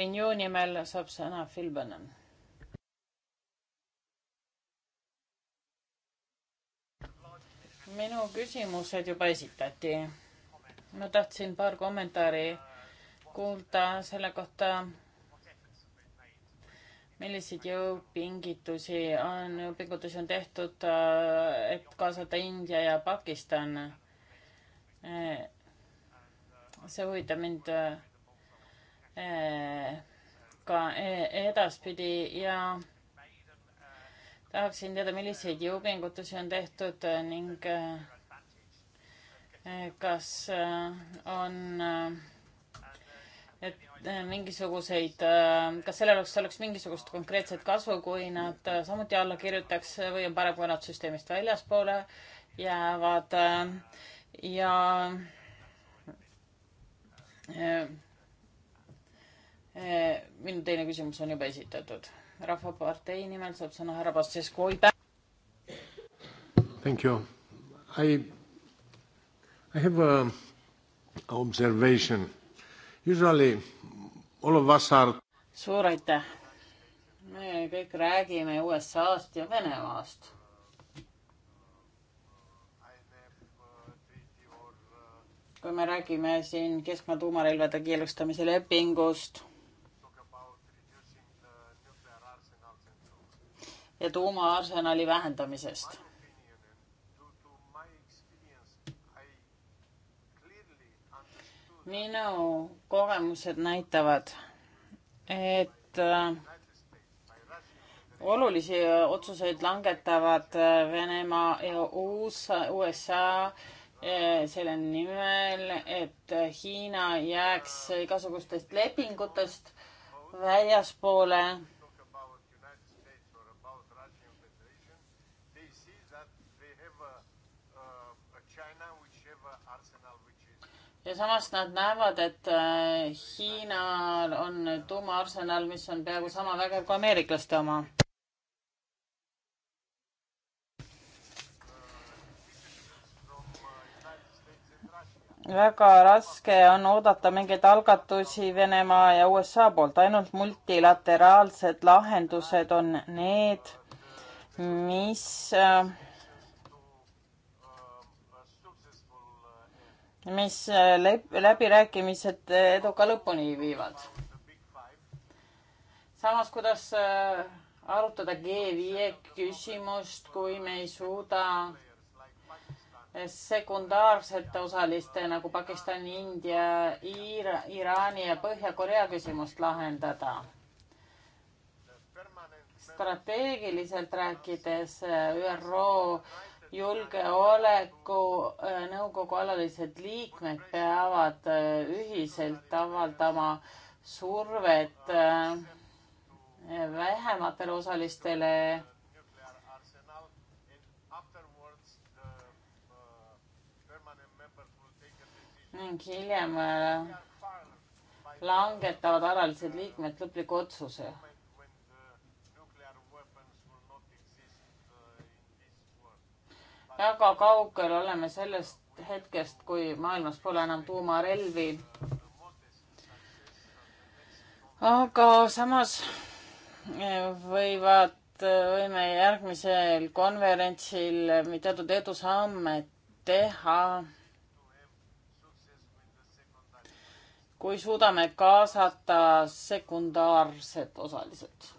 Renew nimel saab sõna Phil Bannon. minu küsimused juba esitati ma tahtsin paar kommentaari kuulda selle kohta, milliseid jõupingitusi on, jõupingutusi on tehtud, äh, et kaasata India ja Pakistan. Äh, see huvitab mind äh, ka edaspidi ja tahaksin teada, milliseid jõupingutusi on tehtud ning äh, kas äh, on äh, et äh, mingisuguseid, kas sellel oleks, oleks mingisugust konkreetset kasu, kui nad samuti alla kirjutaks või on parem, kui nad süsteemist väljaspoole jäävad ja minu teine küsimus on juba esitatud. rahvapartei nimel saab sõna härra Pastis, kui pä-. Thank you. I I have an uh, observation. Usually all of us are suur aitäh! me kõik räägime USA-st ja Venemaast. kui me räägime siin keskmaa tuumarelvade keelustamise lepingust ja tuumaarsenali vähendamisest minu kogemused näitavad, et äh, olulisi otsuseid langetavad äh, Venemaa ja USA äh, selle nimel, et Hiina jääks igasugustest lepingutest väljaspoole ja samas nad näevad, et äh, Hiinal on tuumaarsenal, mis on peaaegu sama vägev kui ameeriklaste oma. väga raske on oodata mingeid algatusi Venemaa ja USA poolt, ainult multilateraalsed lahendused on need, mis äh, mis äh, läbirääkimised eduka lõpuni viivad. samas, kuidas äh, arutada G5 küsimust, kui me ei suuda sekundaarsete osaliste äh, nagu Pakistan, India, Iira, Iraani ja Põhja-Korea küsimust lahendada. strateegiliselt rääkides ÜRO julgeolekunõukogu äh, alalised liikmed peavad äh, ühiselt avaldama survet äh, vähematele osalistele ning hiljem langetavad alalised liikmed lõpliku otsuse väga kaugel oleme sellest hetkest, kui maailmas pole enam tuumarelvi. aga samas eh, võivad, eh, võime järgmisel konverentsil eh, teatud edusamme teha. kui suudame kaasata sekundaarsed osalised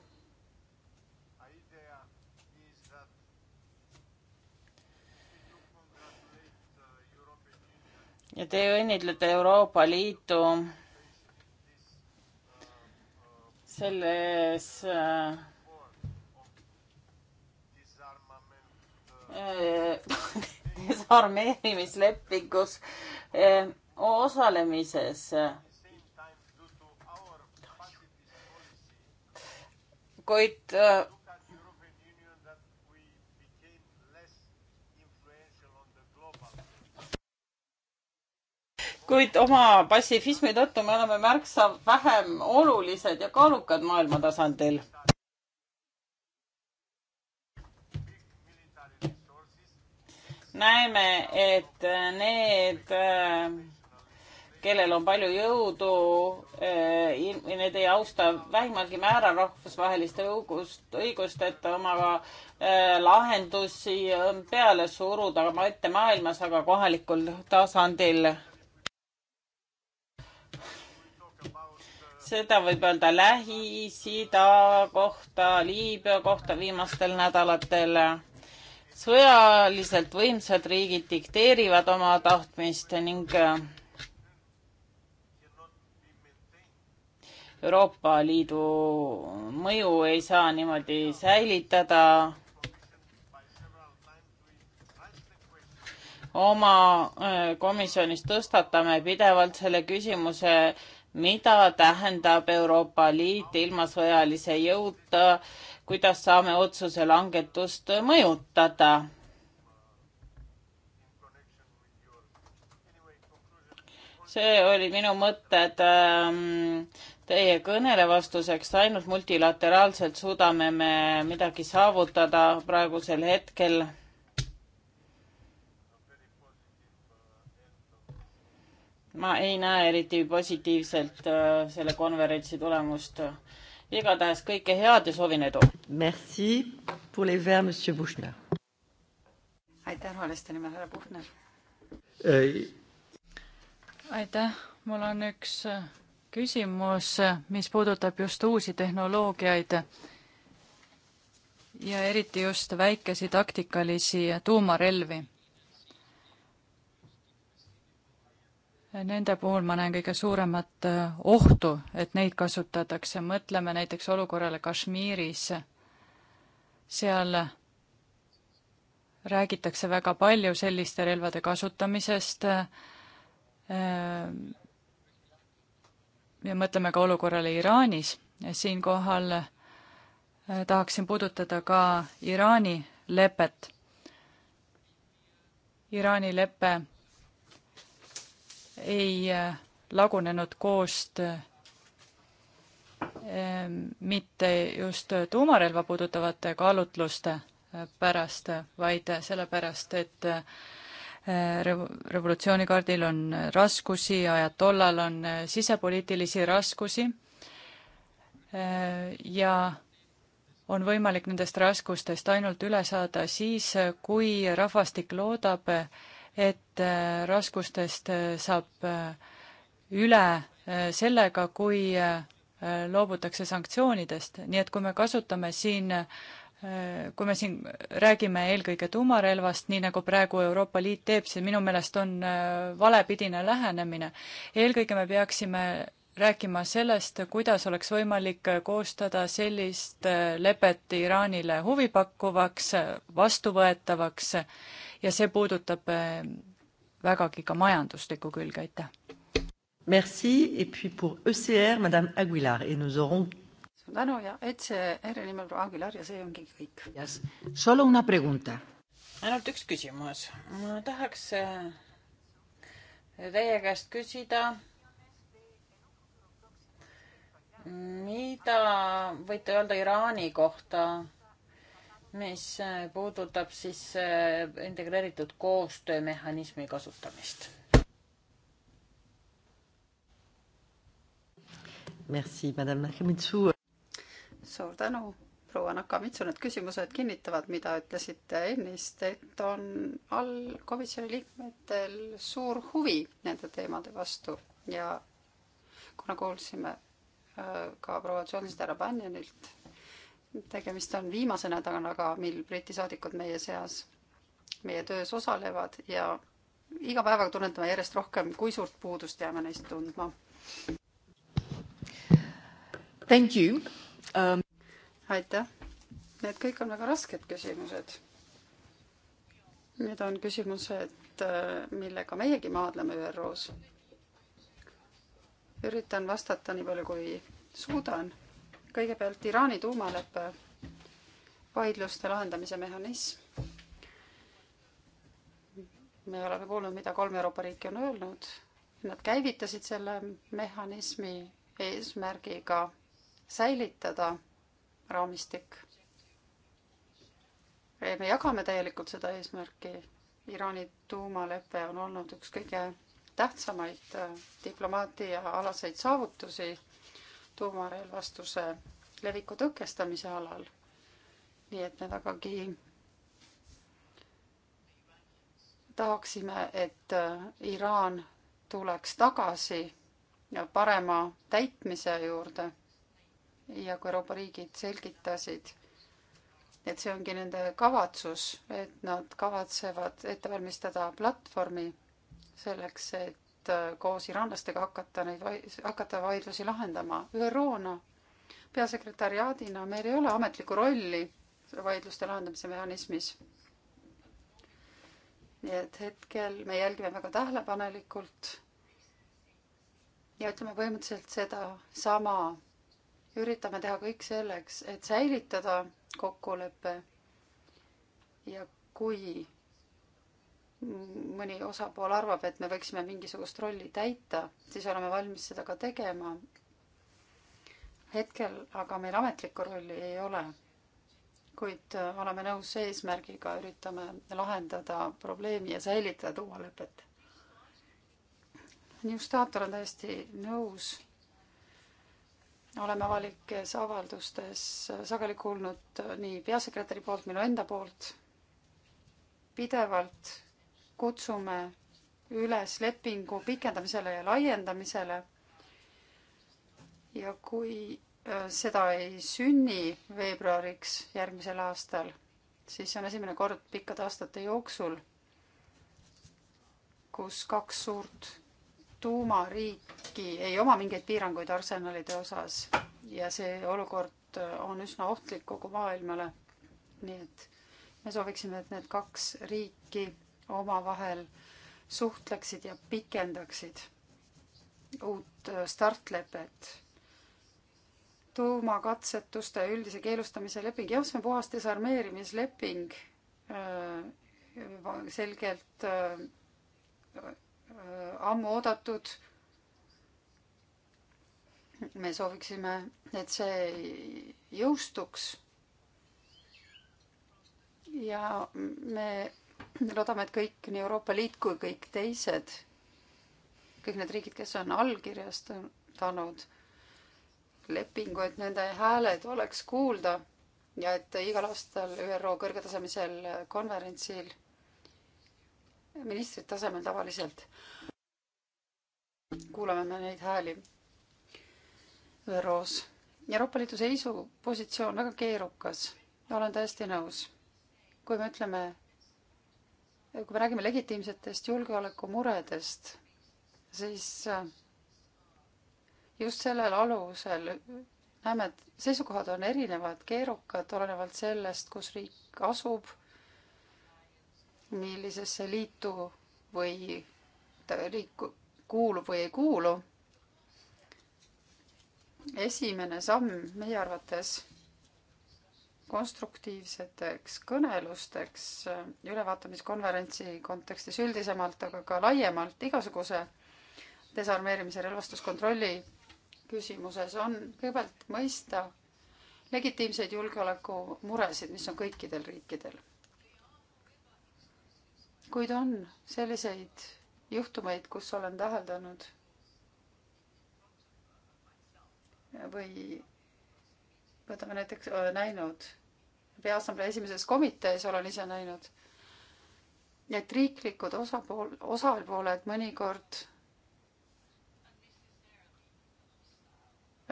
ja te õnnitlete Euroopa Liitu selles äh, desarmeerimislepingus äh, osalemises. kuid äh, kuid oma passivismi tõttu me oleme märksa vähem olulised ja kaalukad maailma tasandil. näeme, et need, kellel on palju jõudu, eh, need ei austa vähimalgi määral rahvusvahelist õigust, õigust, et oma eh, lahendusi eh, peale suruda mitte maailmas, aga kohalikul tasandil seda võib öelda Lähis-Ida kohta, Liibüa kohta viimastel nädalatel. sõjaliselt võimsad riigid dikteerivad oma tahtmist ning Euroopa Liidu mõju ei saa niimoodi säilitada. oma äh, komisjonis tõstatame pidevalt selle küsimuse mida tähendab Euroopa Liit ilma sõjalise jõuta, kuidas saame otsuse langetust mõjutada. see oli minu mõtted ähm, teie kõnele vastuseks, ainult multilateraalselt suudame me midagi saavutada praegusel hetkel ma ei näe eriti positiivselt äh, selle konverentsi tulemust. igatahes kõike head ja soovin edu. Merci pour les verts, monsieur Buchner. aitäh roheliste nimel, härra Buchner. aitäh, mul on üks äh, küsimus, äh, mis puudutab just uusi tehnoloogiaid ja eriti just väikesi taktikalisi tuumarelvi Nende puhul ma näen kõige suuremat äh, ohtu, et neid kasutatakse, mõtleme näiteks olukorrale Kashmiris. seal räägitakse väga palju selliste relvade kasutamisest äh, ja mõtleme ka olukorrale Iraanis. siinkohal äh, tahaksin puudutada ka Iraani lepet. Iraani lepe ei äh, lagunenud koostöö äh, ehm, mitte just tuumarelva puudutavate kaalutluste äh, pärast, vaid sellepärast, et rev-, revolutsioonikaardil on raskusi, ajatollal on sisepoliitilisi raskusi ja on võimalik nendest raskustest ainult üle saada siis, kui rahvastik loodab, et äh, raskustest äh, saab äh, üle sellega, kui loobutakse sanktsioonidest, nii et kui me kasutame siin kui me siin räägime eelkõige tuumarelvast, nii nagu praegu Euroopa Liit teeb, see minu meelest on valepidine lähenemine. eelkõige me peaksime rääkima sellest, kuidas oleks võimalik koostada sellist lepet Iraanile huvipakkuvaks, vastuvõetavaks ja see puudutab eh, vägagi ka majanduslikku külge, aitäh. Merci et puis pour ECR, madame Aguilar et nous aurons. suur tänu ja ECR-i nimel proua Aguilar ja see ongi kõik. Yes, solo una pregunta. ainult üks küsimus, ma tahaks eh, teie käest küsida mida võite öelda Iraani kohta, mis puudutab siis eh, integreeritud koostöömehhanismi kasutamist? Merci, madame Nakamitsu. suur tänu, proua Nakamitsu, need küsimused kinnitavad, mida ütlesite ennist, et on all komisjoni liikmetel suur huvi nende teemade vastu ja kuna kuulsime ka proua Jones härra Bannonilt. tegemist on viimase nädalaga, mil Briti saadikud meie seas, meie töös osalevad ja iga päevaga tunnetame järjest rohkem, kui suurt puudust jääme neist tundma. Thank you um.... aitäh. Need kõik on väga rasked küsimused. Need on küsimused, äh, millega meiegi maadleme ÜRO-s üritan vastata nii palju, kui suudan. kõigepealt Iraani tuumaleppe vaidluste lahendamise mehhanism. me oleme kuulnud, mida kolm Euroopa riiki on öelnud. Nad käivitasid selle mehhanismi eesmärgiga säilitada raamistik. me jagame täielikult seda eesmärki. Iraani tuumalepe on olnud üks kõige tähtsamaid äh, diplomaatia alaseid saavutusi tuumarelvastuse leviku tõkestamise alal. nii et me vägagi tahaksime, et äh, Iraan tuleks tagasi parema täitmise juurde ja kui Euroopa riigid selgitasid, et see ongi nende kavatsus, et nad kavatsevad ette valmistada platvormi selleks, et äh, koos iraanlastega hakata neid, hakata vaidlusi lahendama. ÜRO-na, peasekretäriaadina meil ei ole ametlikku rolli vaidluste lahendamise mehhanismis. nii et hetkel me jälgime väga tähelepanelikult ja ütleme põhimõtteliselt sedasama. üritame teha kõik selleks, et säilitada kokkulepe ja kui mõni osapool arvab, et me võiksime mingisugust rolli täita, siis oleme valmis seda ka tegema. hetkel aga meil ametlikku rolli ei ole. kuid äh, oleme nõus eesmärgiga, üritame lahendada probleemi ja säilitada tuumalepet. New Stator on täiesti nõus. oleme avalikes avaldustes äh, sageli kuulnud äh, nii peasekretäri poolt, minu enda poolt pidevalt kutsume üles lepingu pikendamisele ja laiendamisele. ja kui äh, seda ei sünni veebruariks järgmisel aastal, siis see on esimene kord pikkade aastate jooksul, kus kaks suurt tuumariiki ei oma mingeid piiranguid arsenalide osas ja see olukord äh, on üsna ohtlik kogu maailmale. nii et me sooviksime, et need kaks riiki omavahel suhtleksid ja pikendaksid uut äh, startlepet. tuumakatsetuste üldise keelustamise leping, jah, see on puhas desarmeerimisleping. Äh, selgelt äh, ammu oodatud. me sooviksime, et see jõustuks. ja me loodame, et kõik, nii Euroopa Liit kui kõik teised, kõik need riigid, kes on allkirjastanud lepingu, et nende hääled oleks kuulda ja et igal aastal ÜRO kõrgetasemelisel konverentsil ministrite tasemel tavaliselt kuulame me neid hääli ÜRO-s. Euroopa Liidu seisupositsioon väga keerukas, olen täiesti nõus. kui me ütleme kui me räägime legitiimsetest julgeolekumuredest, siis äh, just sellel alusel näeme, et seisukohad on erinevad, keerukad, olenevalt sellest, kus riik asub, millisesse liitu või riik kuulub või ei kuulu. esimene samm meie arvates konstruktiivseteks kõnelusteks äh, ülevaatamiskonverentsi kontekstis üldisemalt, aga ka laiemalt igasuguse desarmeerimise relvastuskontrolli küsimuses on kõigepealt mõista legitiimseid julgeolekumuresid, mis on kõikidel riikidel. kuid on selliseid juhtumeid, kus olen täheldanud või võtame näiteks, äh, näinud Peaassamblee esimeses komitees olen ise näinud, et riiklikud osapool, osalpooled mõnikord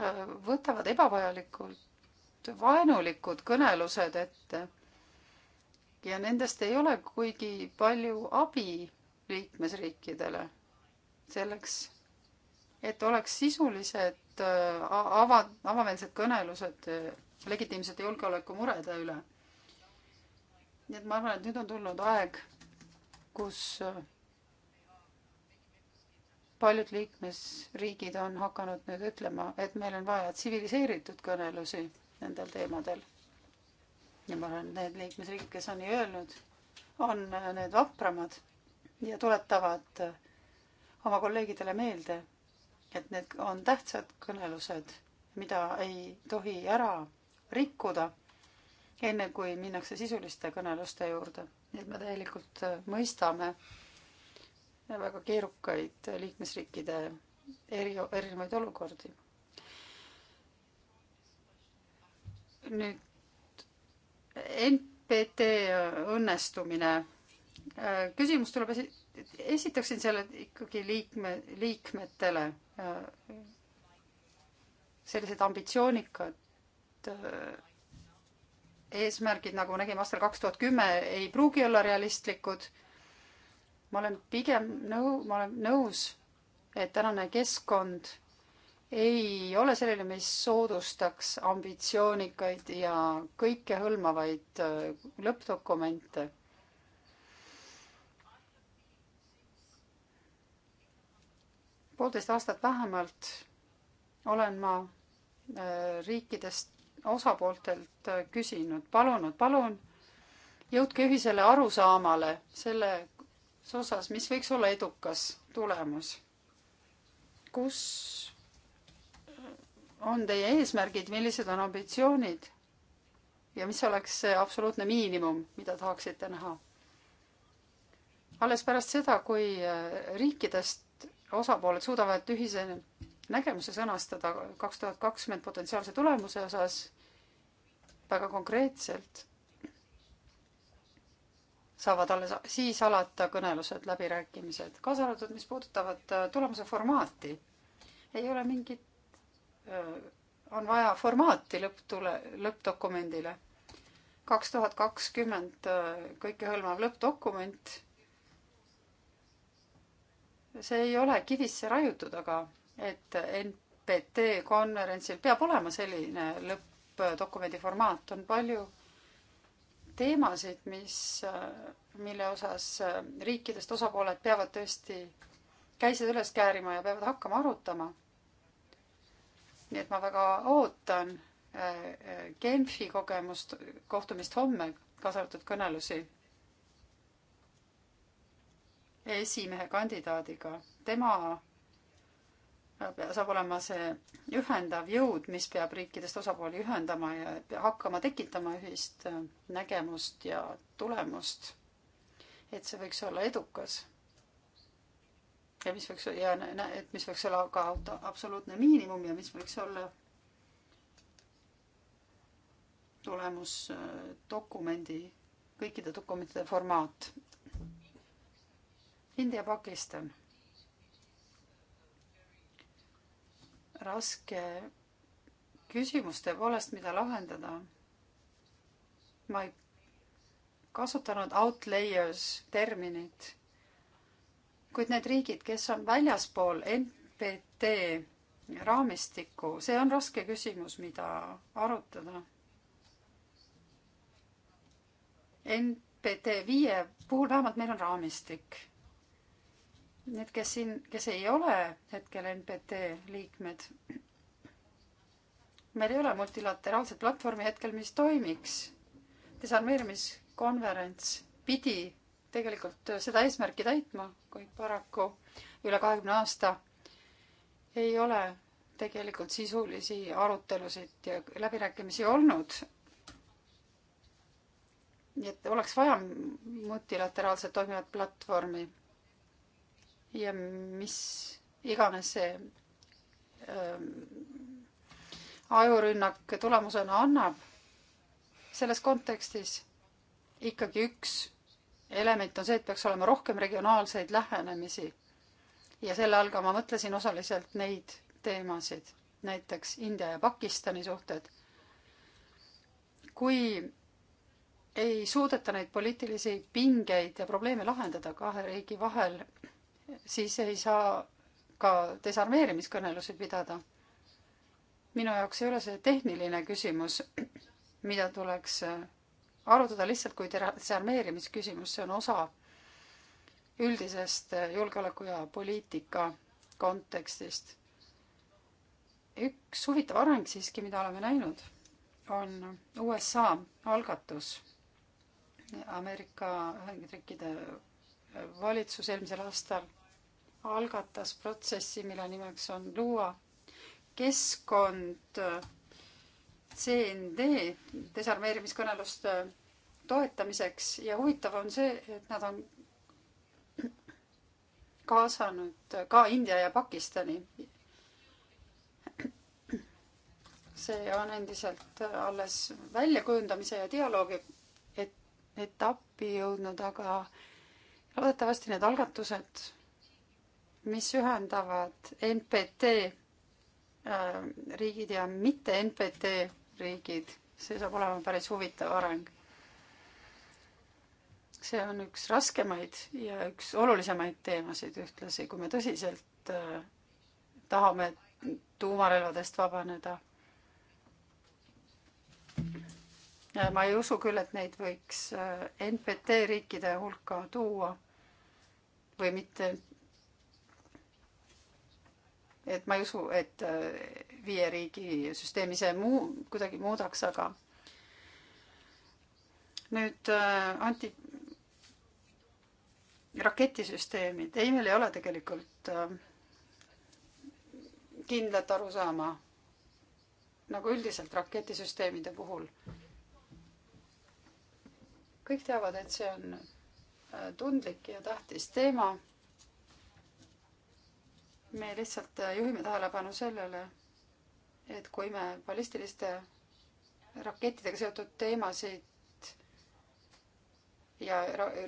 äh, võtavad ebavajalikult vaenulikud kõnelused ette ja nendest ei ole kuigi palju abi liikmesriikidele selleks, et oleks sisulised äh, ava, avameelsed kõnelused äh, legitiimsete julgeolekumurede üle. nii et ma arvan, et nüüd on tulnud aeg, kus äh, paljud liikmesriigid on hakanud nüüd ütlema, et meil on vaja tsiviliseeritud kõnelusi nendel teemadel. ja ma arvan, et need liikmesriigid, kes on nii öelnud, on äh, need vapramad ja tuletavad äh, oma kolleegidele meelde, et need on tähtsad kõnelused, mida ei tohi ära rikkuda, enne kui minnakse sisuliste kõneluste juurde. nii et me täielikult äh, mõistame väga keerukaid liikmesriikide eri, erinevaid olukordi. nüüd NPT õnnestumine. Äh, küsimus tuleb esi-, esitaksin selle ikkagi liikme, liikmetele. Äh, sellised ambitsioonikad Äh, eesmärgid, nagu me nägime aastal kaks tuhat kümme, ei pruugi olla realistlikud. ma olen pigem nõu-, ma olen nõus, et tänane keskkond ei ole selline, mis soodustaks ambitsioonikaid ja kõikehõlmavaid äh, lõppdokumente. poolteist aastat vähemalt olen ma äh, riikidest osapooltelt äh, küsinud, palunud, palun jõudke ühisele arusaamale selles osas, mis võiks olla edukas tulemus. kus äh, on teie eesmärgid, millised on ambitsioonid ja mis oleks see absoluutne miinimum, mida tahaksite näha? alles pärast seda, kui äh, riikidest osapooled suudavad ühise nägemuse sõnastada kaks tuhat kakskümmend potentsiaalse tulemuse osas, väga konkreetselt, saavad alles siis alata kõnelused, läbirääkimised, kaasa arvatud, mis puudutavad äh, tulemuse formaati. ei ole mingit, äh, on vaja formaati lõpptule, lõppdokumendile. kaks tuhat kakskümmend äh, kõikehõlmav lõppdokument. see ei ole kivisse raiutud, aga et NPT konverentsil peab olema selline lõpp dokumendi formaat, on palju teemasid, mis, mille osas äh, riikidest osapooled peavad tõesti käised üles käärima ja peavad hakkama arutama. nii et ma väga ootan äh, äh, Genfi kogemust, kohtumist homme, kaasa arvatud kõnelusi esimehekandidaadiga. tema saab olema see ühendav jõud, mis peab riikidest osapooli ühendama ja hakkama tekitama ühist äh, nägemust ja tulemust. et see võiks olla edukas. ja mis võiks ja et mis võiks olla ka absoluutne miinimum ja mis võiks olla tulemusdokumendi, äh, kõikide dokumentide formaat. India, Pakistan raske küsimus tõepoolest, mida lahendada. ma ei kasutanud outlayers terminit, kuid need riigid, kes on väljaspool NPT raamistikku, see on raske küsimus, mida arutada. NPT viie puhul vähemalt meil on raamistik Need, kes siin, kes ei ole hetkel NPT liikmed, meil ei ole multilateraalset platvormi hetkel, mis toimiks. desarmeerimiskonverents pidi tegelikult seda eesmärki täitma, kuid paraku üle kahekümne aasta ei ole tegelikult sisulisi arutelusid ja läbirääkimisi olnud. nii et oleks vaja multilateraalselt toimivat platvormi ja mis iganes see ähm, ajurünnak tulemusena annab, selles kontekstis ikkagi üks element on see, et peaks olema rohkem regionaalseid lähenemisi. ja selle all ka ma mõtlesin osaliselt neid teemasid, näiteks India ja Pakistani suhted. kui ei suudeta neid poliitilisi pingeid ja probleeme lahendada kahe riigi vahel, siis ei saa ka desarmeerimiskõnelusi pidada. minu jaoks ei ole see tehniline küsimus, mida tuleks äh, arutada lihtsalt kui desarmeerimisküsimus, see on osa üldisest äh, julgeoleku ja poliitika kontekstist. üks huvitav areng siiski, mida oleme näinud, on USA algatus Ameerika Ühendriikide valitsus eelmisel aastal algatas protsessi, mille nimeks on luua keskkond äh, CND desarmeerimiskõneluste äh, toetamiseks ja huvitav on see, et nad on kaasanud äh, ka India ja Pakistani. see on endiselt alles väljakujundamise ja dialoogi et, etappi jõudnud, aga loodetavasti need algatused mis ühendavad NPT äh, riigid ja mitte NPT riigid, see saab olema päris huvitav areng. see on üks raskemaid ja üks olulisemaid teemasid ühtlasi, kui me tõsiselt äh, tahame tuumarelvadest vabaneda ma ei usu küll, et neid võiks äh, NPT riikide hulka tuua või mitte et ma ei usu, et äh, viie riigi süsteemi see muu, kuidagi muudaks, aga nüüd äh, anti-, raketisüsteemid, ei, meil ei ole tegelikult äh, kindlat arusaama nagu üldiselt raketisüsteemide puhul. kõik teavad, et see on tundlik ja tähtis teema me lihtsalt juhime tähelepanu sellele, et kui me ballistiliste rakettidega seotud teemasid ja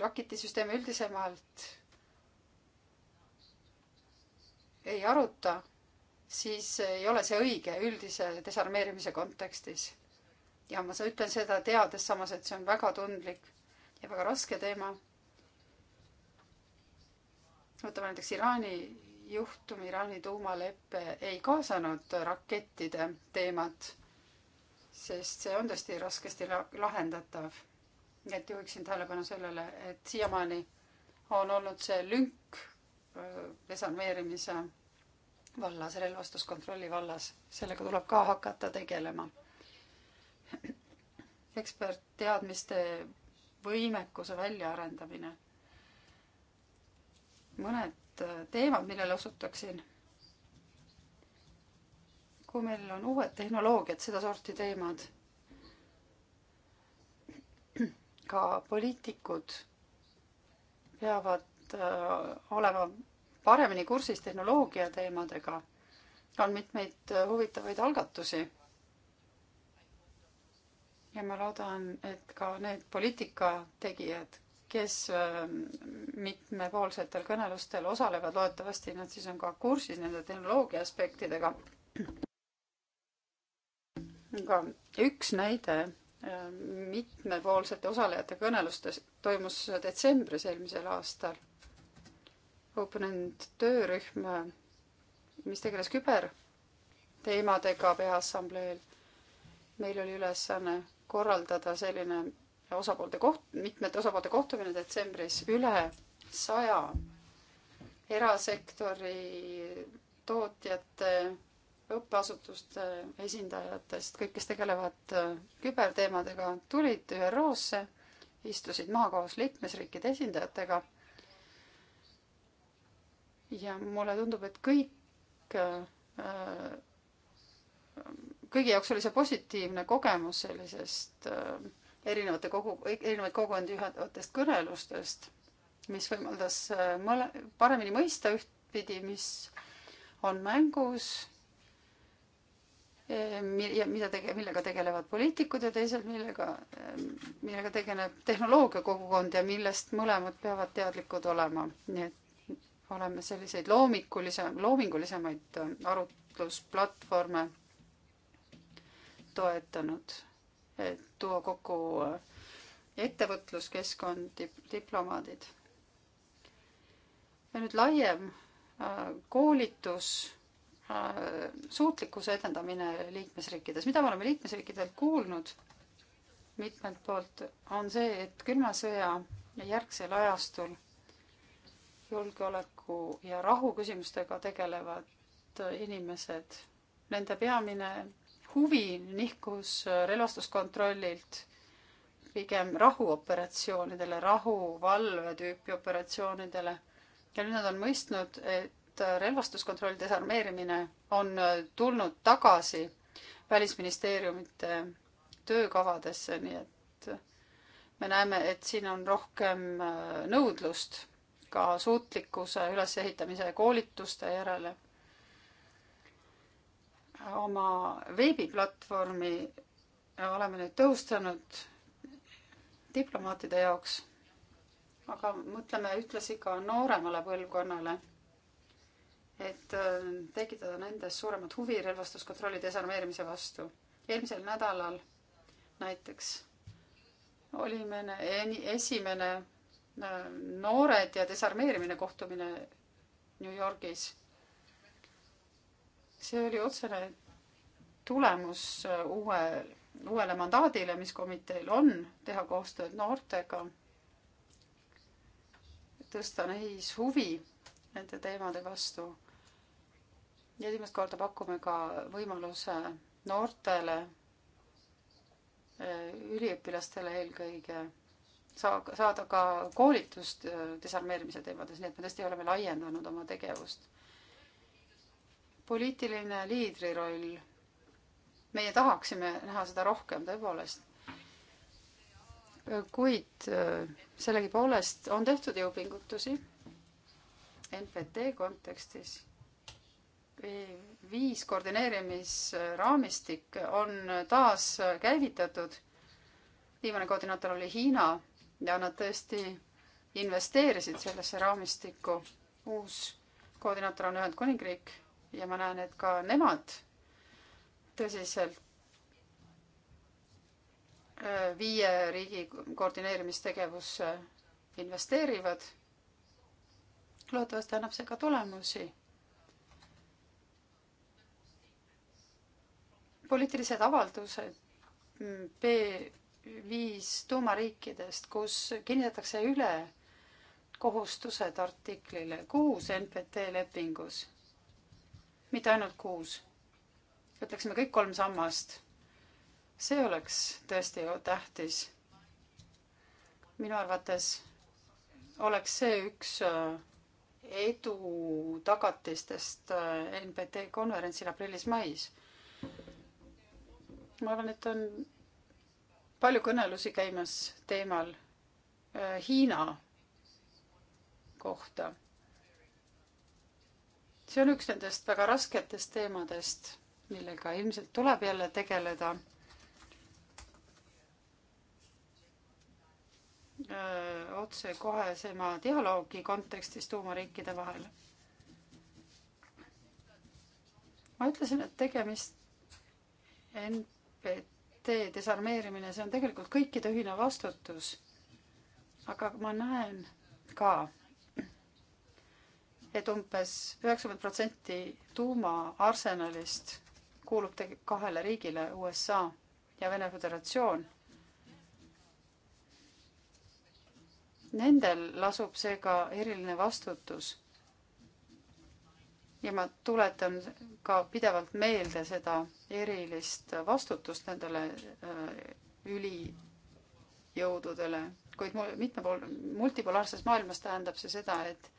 raketisüsteeme üldisemalt ei aruta, siis ei ole see õige üldise desarmeerimise kontekstis. ja ma ütlen seda teades samas, et see on väga tundlik ja väga raske teema. võtame näiteks Iraani juhtum Iraani tuumaleppe ei kaasanud rakettide teemat, sest see on tõesti raskesti lahendatav. nii et juhiksin tähelepanu sellele, et siiamaani on olnud see lünk äh, desarmeerimise vallas, relvastuskontrolli vallas, sellega tuleb ka hakata tegelema. ekspertteadmiste võimekuse väljaarendamine mõned Äh, teemad, millele osutaksin. kui meil on uued tehnoloogiad, sedasorti teemad, ka poliitikud peavad äh, olema paremini kursis tehnoloogia teemadega. on mitmeid äh, huvitavaid algatusi ja ma loodan, et ka need poliitika tegijad, kes ähm, mitmepoolsetel kõnelustel osalevad, loodetavasti nad siis on ka kursis nende tehnoloogia aspektidega. aga üks näide ähm, mitmepoolsete osalejate kõnelustes toimus detsembris eelmisel aastal. Openend töörühm, mis tegeles küberteemadega Peaassambleel, meil oli ülesanne korraldada selline osapoolte koht, mitmete osapoolte kohtumine detsembris, üle saja erasektori tootjate, õppeasutuste esindajatest, kõik, kes tegelevad äh, küberteemadega, tulid ÜRO-sse, istusid maha koos liikmesriikide esindajatega. ja mulle tundub, et kõik äh, äh kõigi jaoks oli see positiivne kogemus sellisest äh, erinevate kogu, erinevaid kogukondi ühendavatest kõnelustest, mis võimaldas äh, mõle, paremini mõista ühtpidi, mis on mängus äh, ja mida tege-, millega tegelevad poliitikud ja teised, millega, äh, millega tegeleb tehnoloogia kogukond ja millest mõlemad peavad teadlikud olema. nii et oleme selliseid loomikulise, loomingulisemaid arutlusplatvorme toetanud tuua kokku äh, ettevõtluskeskkond dip, diplomaadid. ja nüüd laiem äh, koolitus, äh, suutlikkuse edendamine liikmesriikides, mida me oleme liikmesriikidelt kuulnud mitmelt poolt, on see, et külma sõja järgsel ajastul julgeoleku ja rahu küsimustega tegelevad inimesed, nende peamine huvi nihkus relvastuskontrollilt pigem rahuoperatsioonidele, rahuvalve tüüpi operatsioonidele. ja nüüd nad on mõistnud, et relvastuskontrolli desarmeerimine on tulnud tagasi välisministeeriumite töökavadesse, nii et me näeme, et siin on rohkem äh, nõudlust ka suutlikkuse ülesehitamise ja koolituste järele oma veebiplatvormi oleme nüüd tõhustanud diplomaatide jaoks, aga mõtleme ühtlasi ka nooremale põlvkonnale, et äh, tekitada nendes suuremat huvi relvastuskontrolli desarmeerimise vastu. eelmisel nädalal näiteks olime esimene äh, noored ja desarmeerimine kohtumine New Yorgis see oli otsene tulemus äh, uue, uuele mandaadile, mis komiteel on, teha koostööd noortega, tõsta neis huvi nende teemade vastu. ja esimest korda pakume ka võimaluse noortele, äh, üliõpilastele eelkõige, saa-, saada ka koolitust äh, desarmeerimise teemades, nii et me tõesti oleme laiendanud oma tegevust poliitiline liidri roll. meie tahaksime näha seda rohkem tõepoolest. kuid äh, sellegipoolest on tehtud jõupingutusi NPT kontekstis. viis koordineerimisraamistik on taas käivitatud. viimane koordinaator oli Hiina ja nad tõesti investeerisid sellesse raamistikku. uus koordinaator on Ühendkuningriik ja ma näen, et ka nemad tõsiselt äh, viie riigi koordineerimistegevusse investeerivad. loodetavasti annab see ka tulemusi. poliitilised avaldused B5 mm, tuumariikidest, kus kinnitatakse üle kohustused artiklile kuus NPT lepingus mitte ainult kuus. ütleksime kõik kolm sammast. see oleks tõesti tähtis. minu arvates oleks see üks äh, edu tagatistest äh, NPT konverentsil aprillis-mais. ma arvan, et on palju kõnelusi käimas teemal äh, Hiina kohta see on üks nendest väga rasketest teemadest, millega ilmselt tuleb jälle tegeleda. otsekohesema dialoogi kontekstis tuumariikide vahel. ma ütlesin, et tegemist NPT desarmeerimine, see on tegelikult kõikide ühine vastutus. aga ma näen ka et umbes üheksakümmend protsenti tuumaarsenalist kuulub tege-, kahele riigile, USA ja Vene Föderatsioon. Nendel lasub seega eriline vastutus. ja ma tuletan ka pidevalt meelde seda erilist vastutust nendele äh, ülijõududele, kuid mitmepool-, multipolaarses maailmas tähendab see seda, et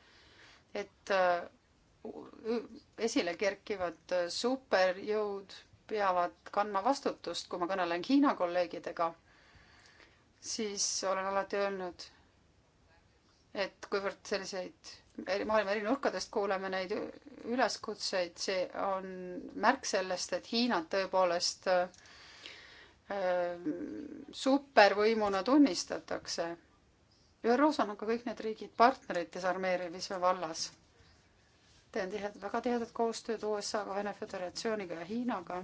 et äh, esile kerkivad äh, superjõud peavad kandma vastutust, kui ma kõnelen Hiina kolleegidega, siis olen alati öelnud, et kuivõrd selliseid maailma eri nurkadest kuuleme neid üleskutseid, see on märk sellest, et Hiinat tõepoolest äh, supervõimuna tunnistatakse ÜRO-s on aga kõik need riigid partnerid desarmeerimise vallas. teen tihed, väga tihedat koostööd USA-ga, Vene Föderatsiooniga ja Hiinaga.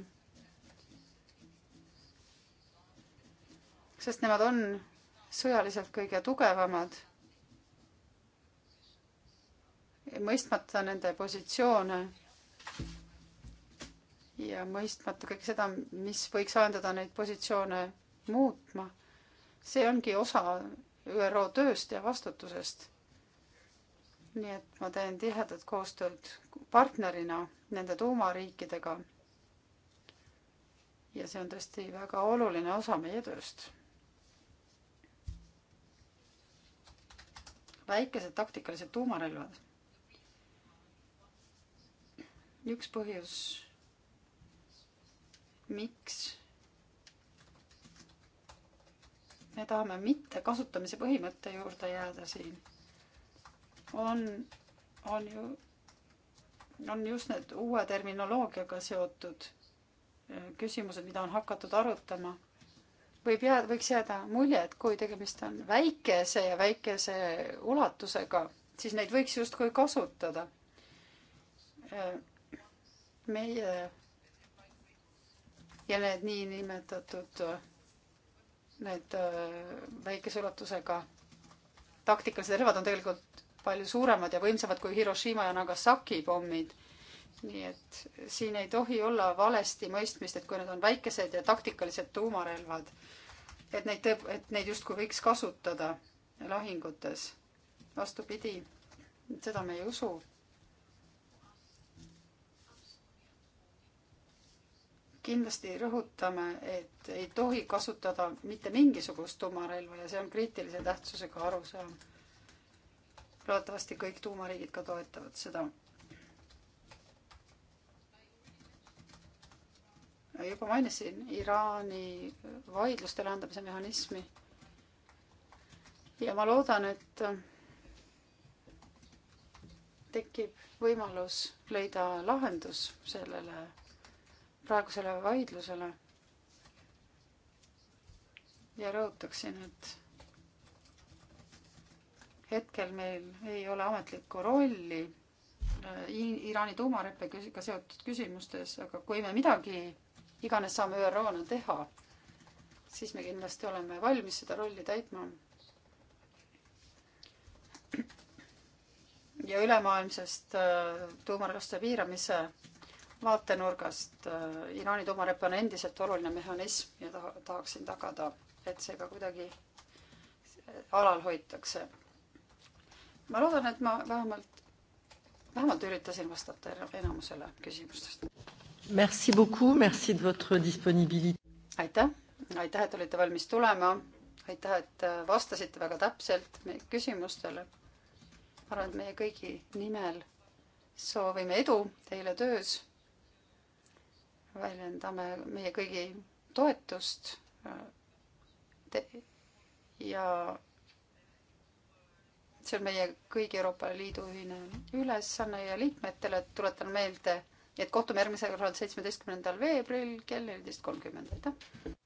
sest nemad on sõjaliselt kõige tugevamad. mõistmata nende positsioone ja mõistmata kõike seda, mis võiks ajendada neid positsioone muutma, see ongi osa ÜRO tööst ja vastutusest. nii et ma teen tihedat koostööd partnerina nende tuumariikidega. ja see on tõesti väga oluline osa meie tööst. väikesed taktikalised tuumarelvad. üks põhjus, miks me tahame mitte kasutamise põhimõtte juurde jääda siin. on, on ju, on just need uue terminoloogiaga seotud eh, küsimused, mida on hakatud arutama. võib jääda, võiks jääda mulje, et kui tegemist on väikese ja väikese ulatusega, siis neid võiks justkui kasutada. Eh, meie ja need niinimetatud eh, need äh, väikese ulatusega taktikalised relvad on tegelikult palju suuremad ja võimsamad kui Hiroshima ja Nagasaki pommid. nii et siin ei tohi olla valesti mõistmist, et kui need on väikesed ja taktikalised tuumarelvad, et neid, et neid justkui võiks kasutada lahingutes. vastupidi, seda me ei usu kindlasti rõhutame, et ei tohi kasutada mitte mingisugust tuumarelva ja see on kriitilise tähtsusega arusaam. loodetavasti kõik tuumariigid ka toetavad seda. juba mainisin Iraani vaidluste lahendamise mehhanismi. ja ma loodan, et tekib võimalus leida lahendus sellele praegusele vaidlusele. ja rõhutaksin, et hetkel meil ei ole ametlikku rolli äh, Iraani tuumarüppega seotud küsimustes, aga kui me midagi iganes saame ÜRO-na teha, siis me kindlasti oleme valmis seda rolli täitma. ja ülemaailmsest äh, tuumarelaste piiramise vaatenurgast. Äh, Iraani tuumarepp on endiselt oluline mehhanism ja taha, tahaksin tagada, et see ka kuidagi äh, alal hoitakse. ma loodan, et ma vähemalt, vähemalt üritasin vastata enamusele küsimustest. Merci beaucoup, merci de votre disponibilité. aitäh, aitäh, et olite valmis tulema. aitäh, et äh, vastasite väga täpselt meie küsimustele. ma arvan, et meie kõigi nimel soovime edu teile töös väljendame meie kõigi toetust ja see on meie kõigi Euroopa Liidu ühine ülesanne ja liikmetele tuletan meelde, et kohtume järgmisel korral, seitsmeteistkümnendal veebruaril kell neliteist kolmkümmend, aitäh!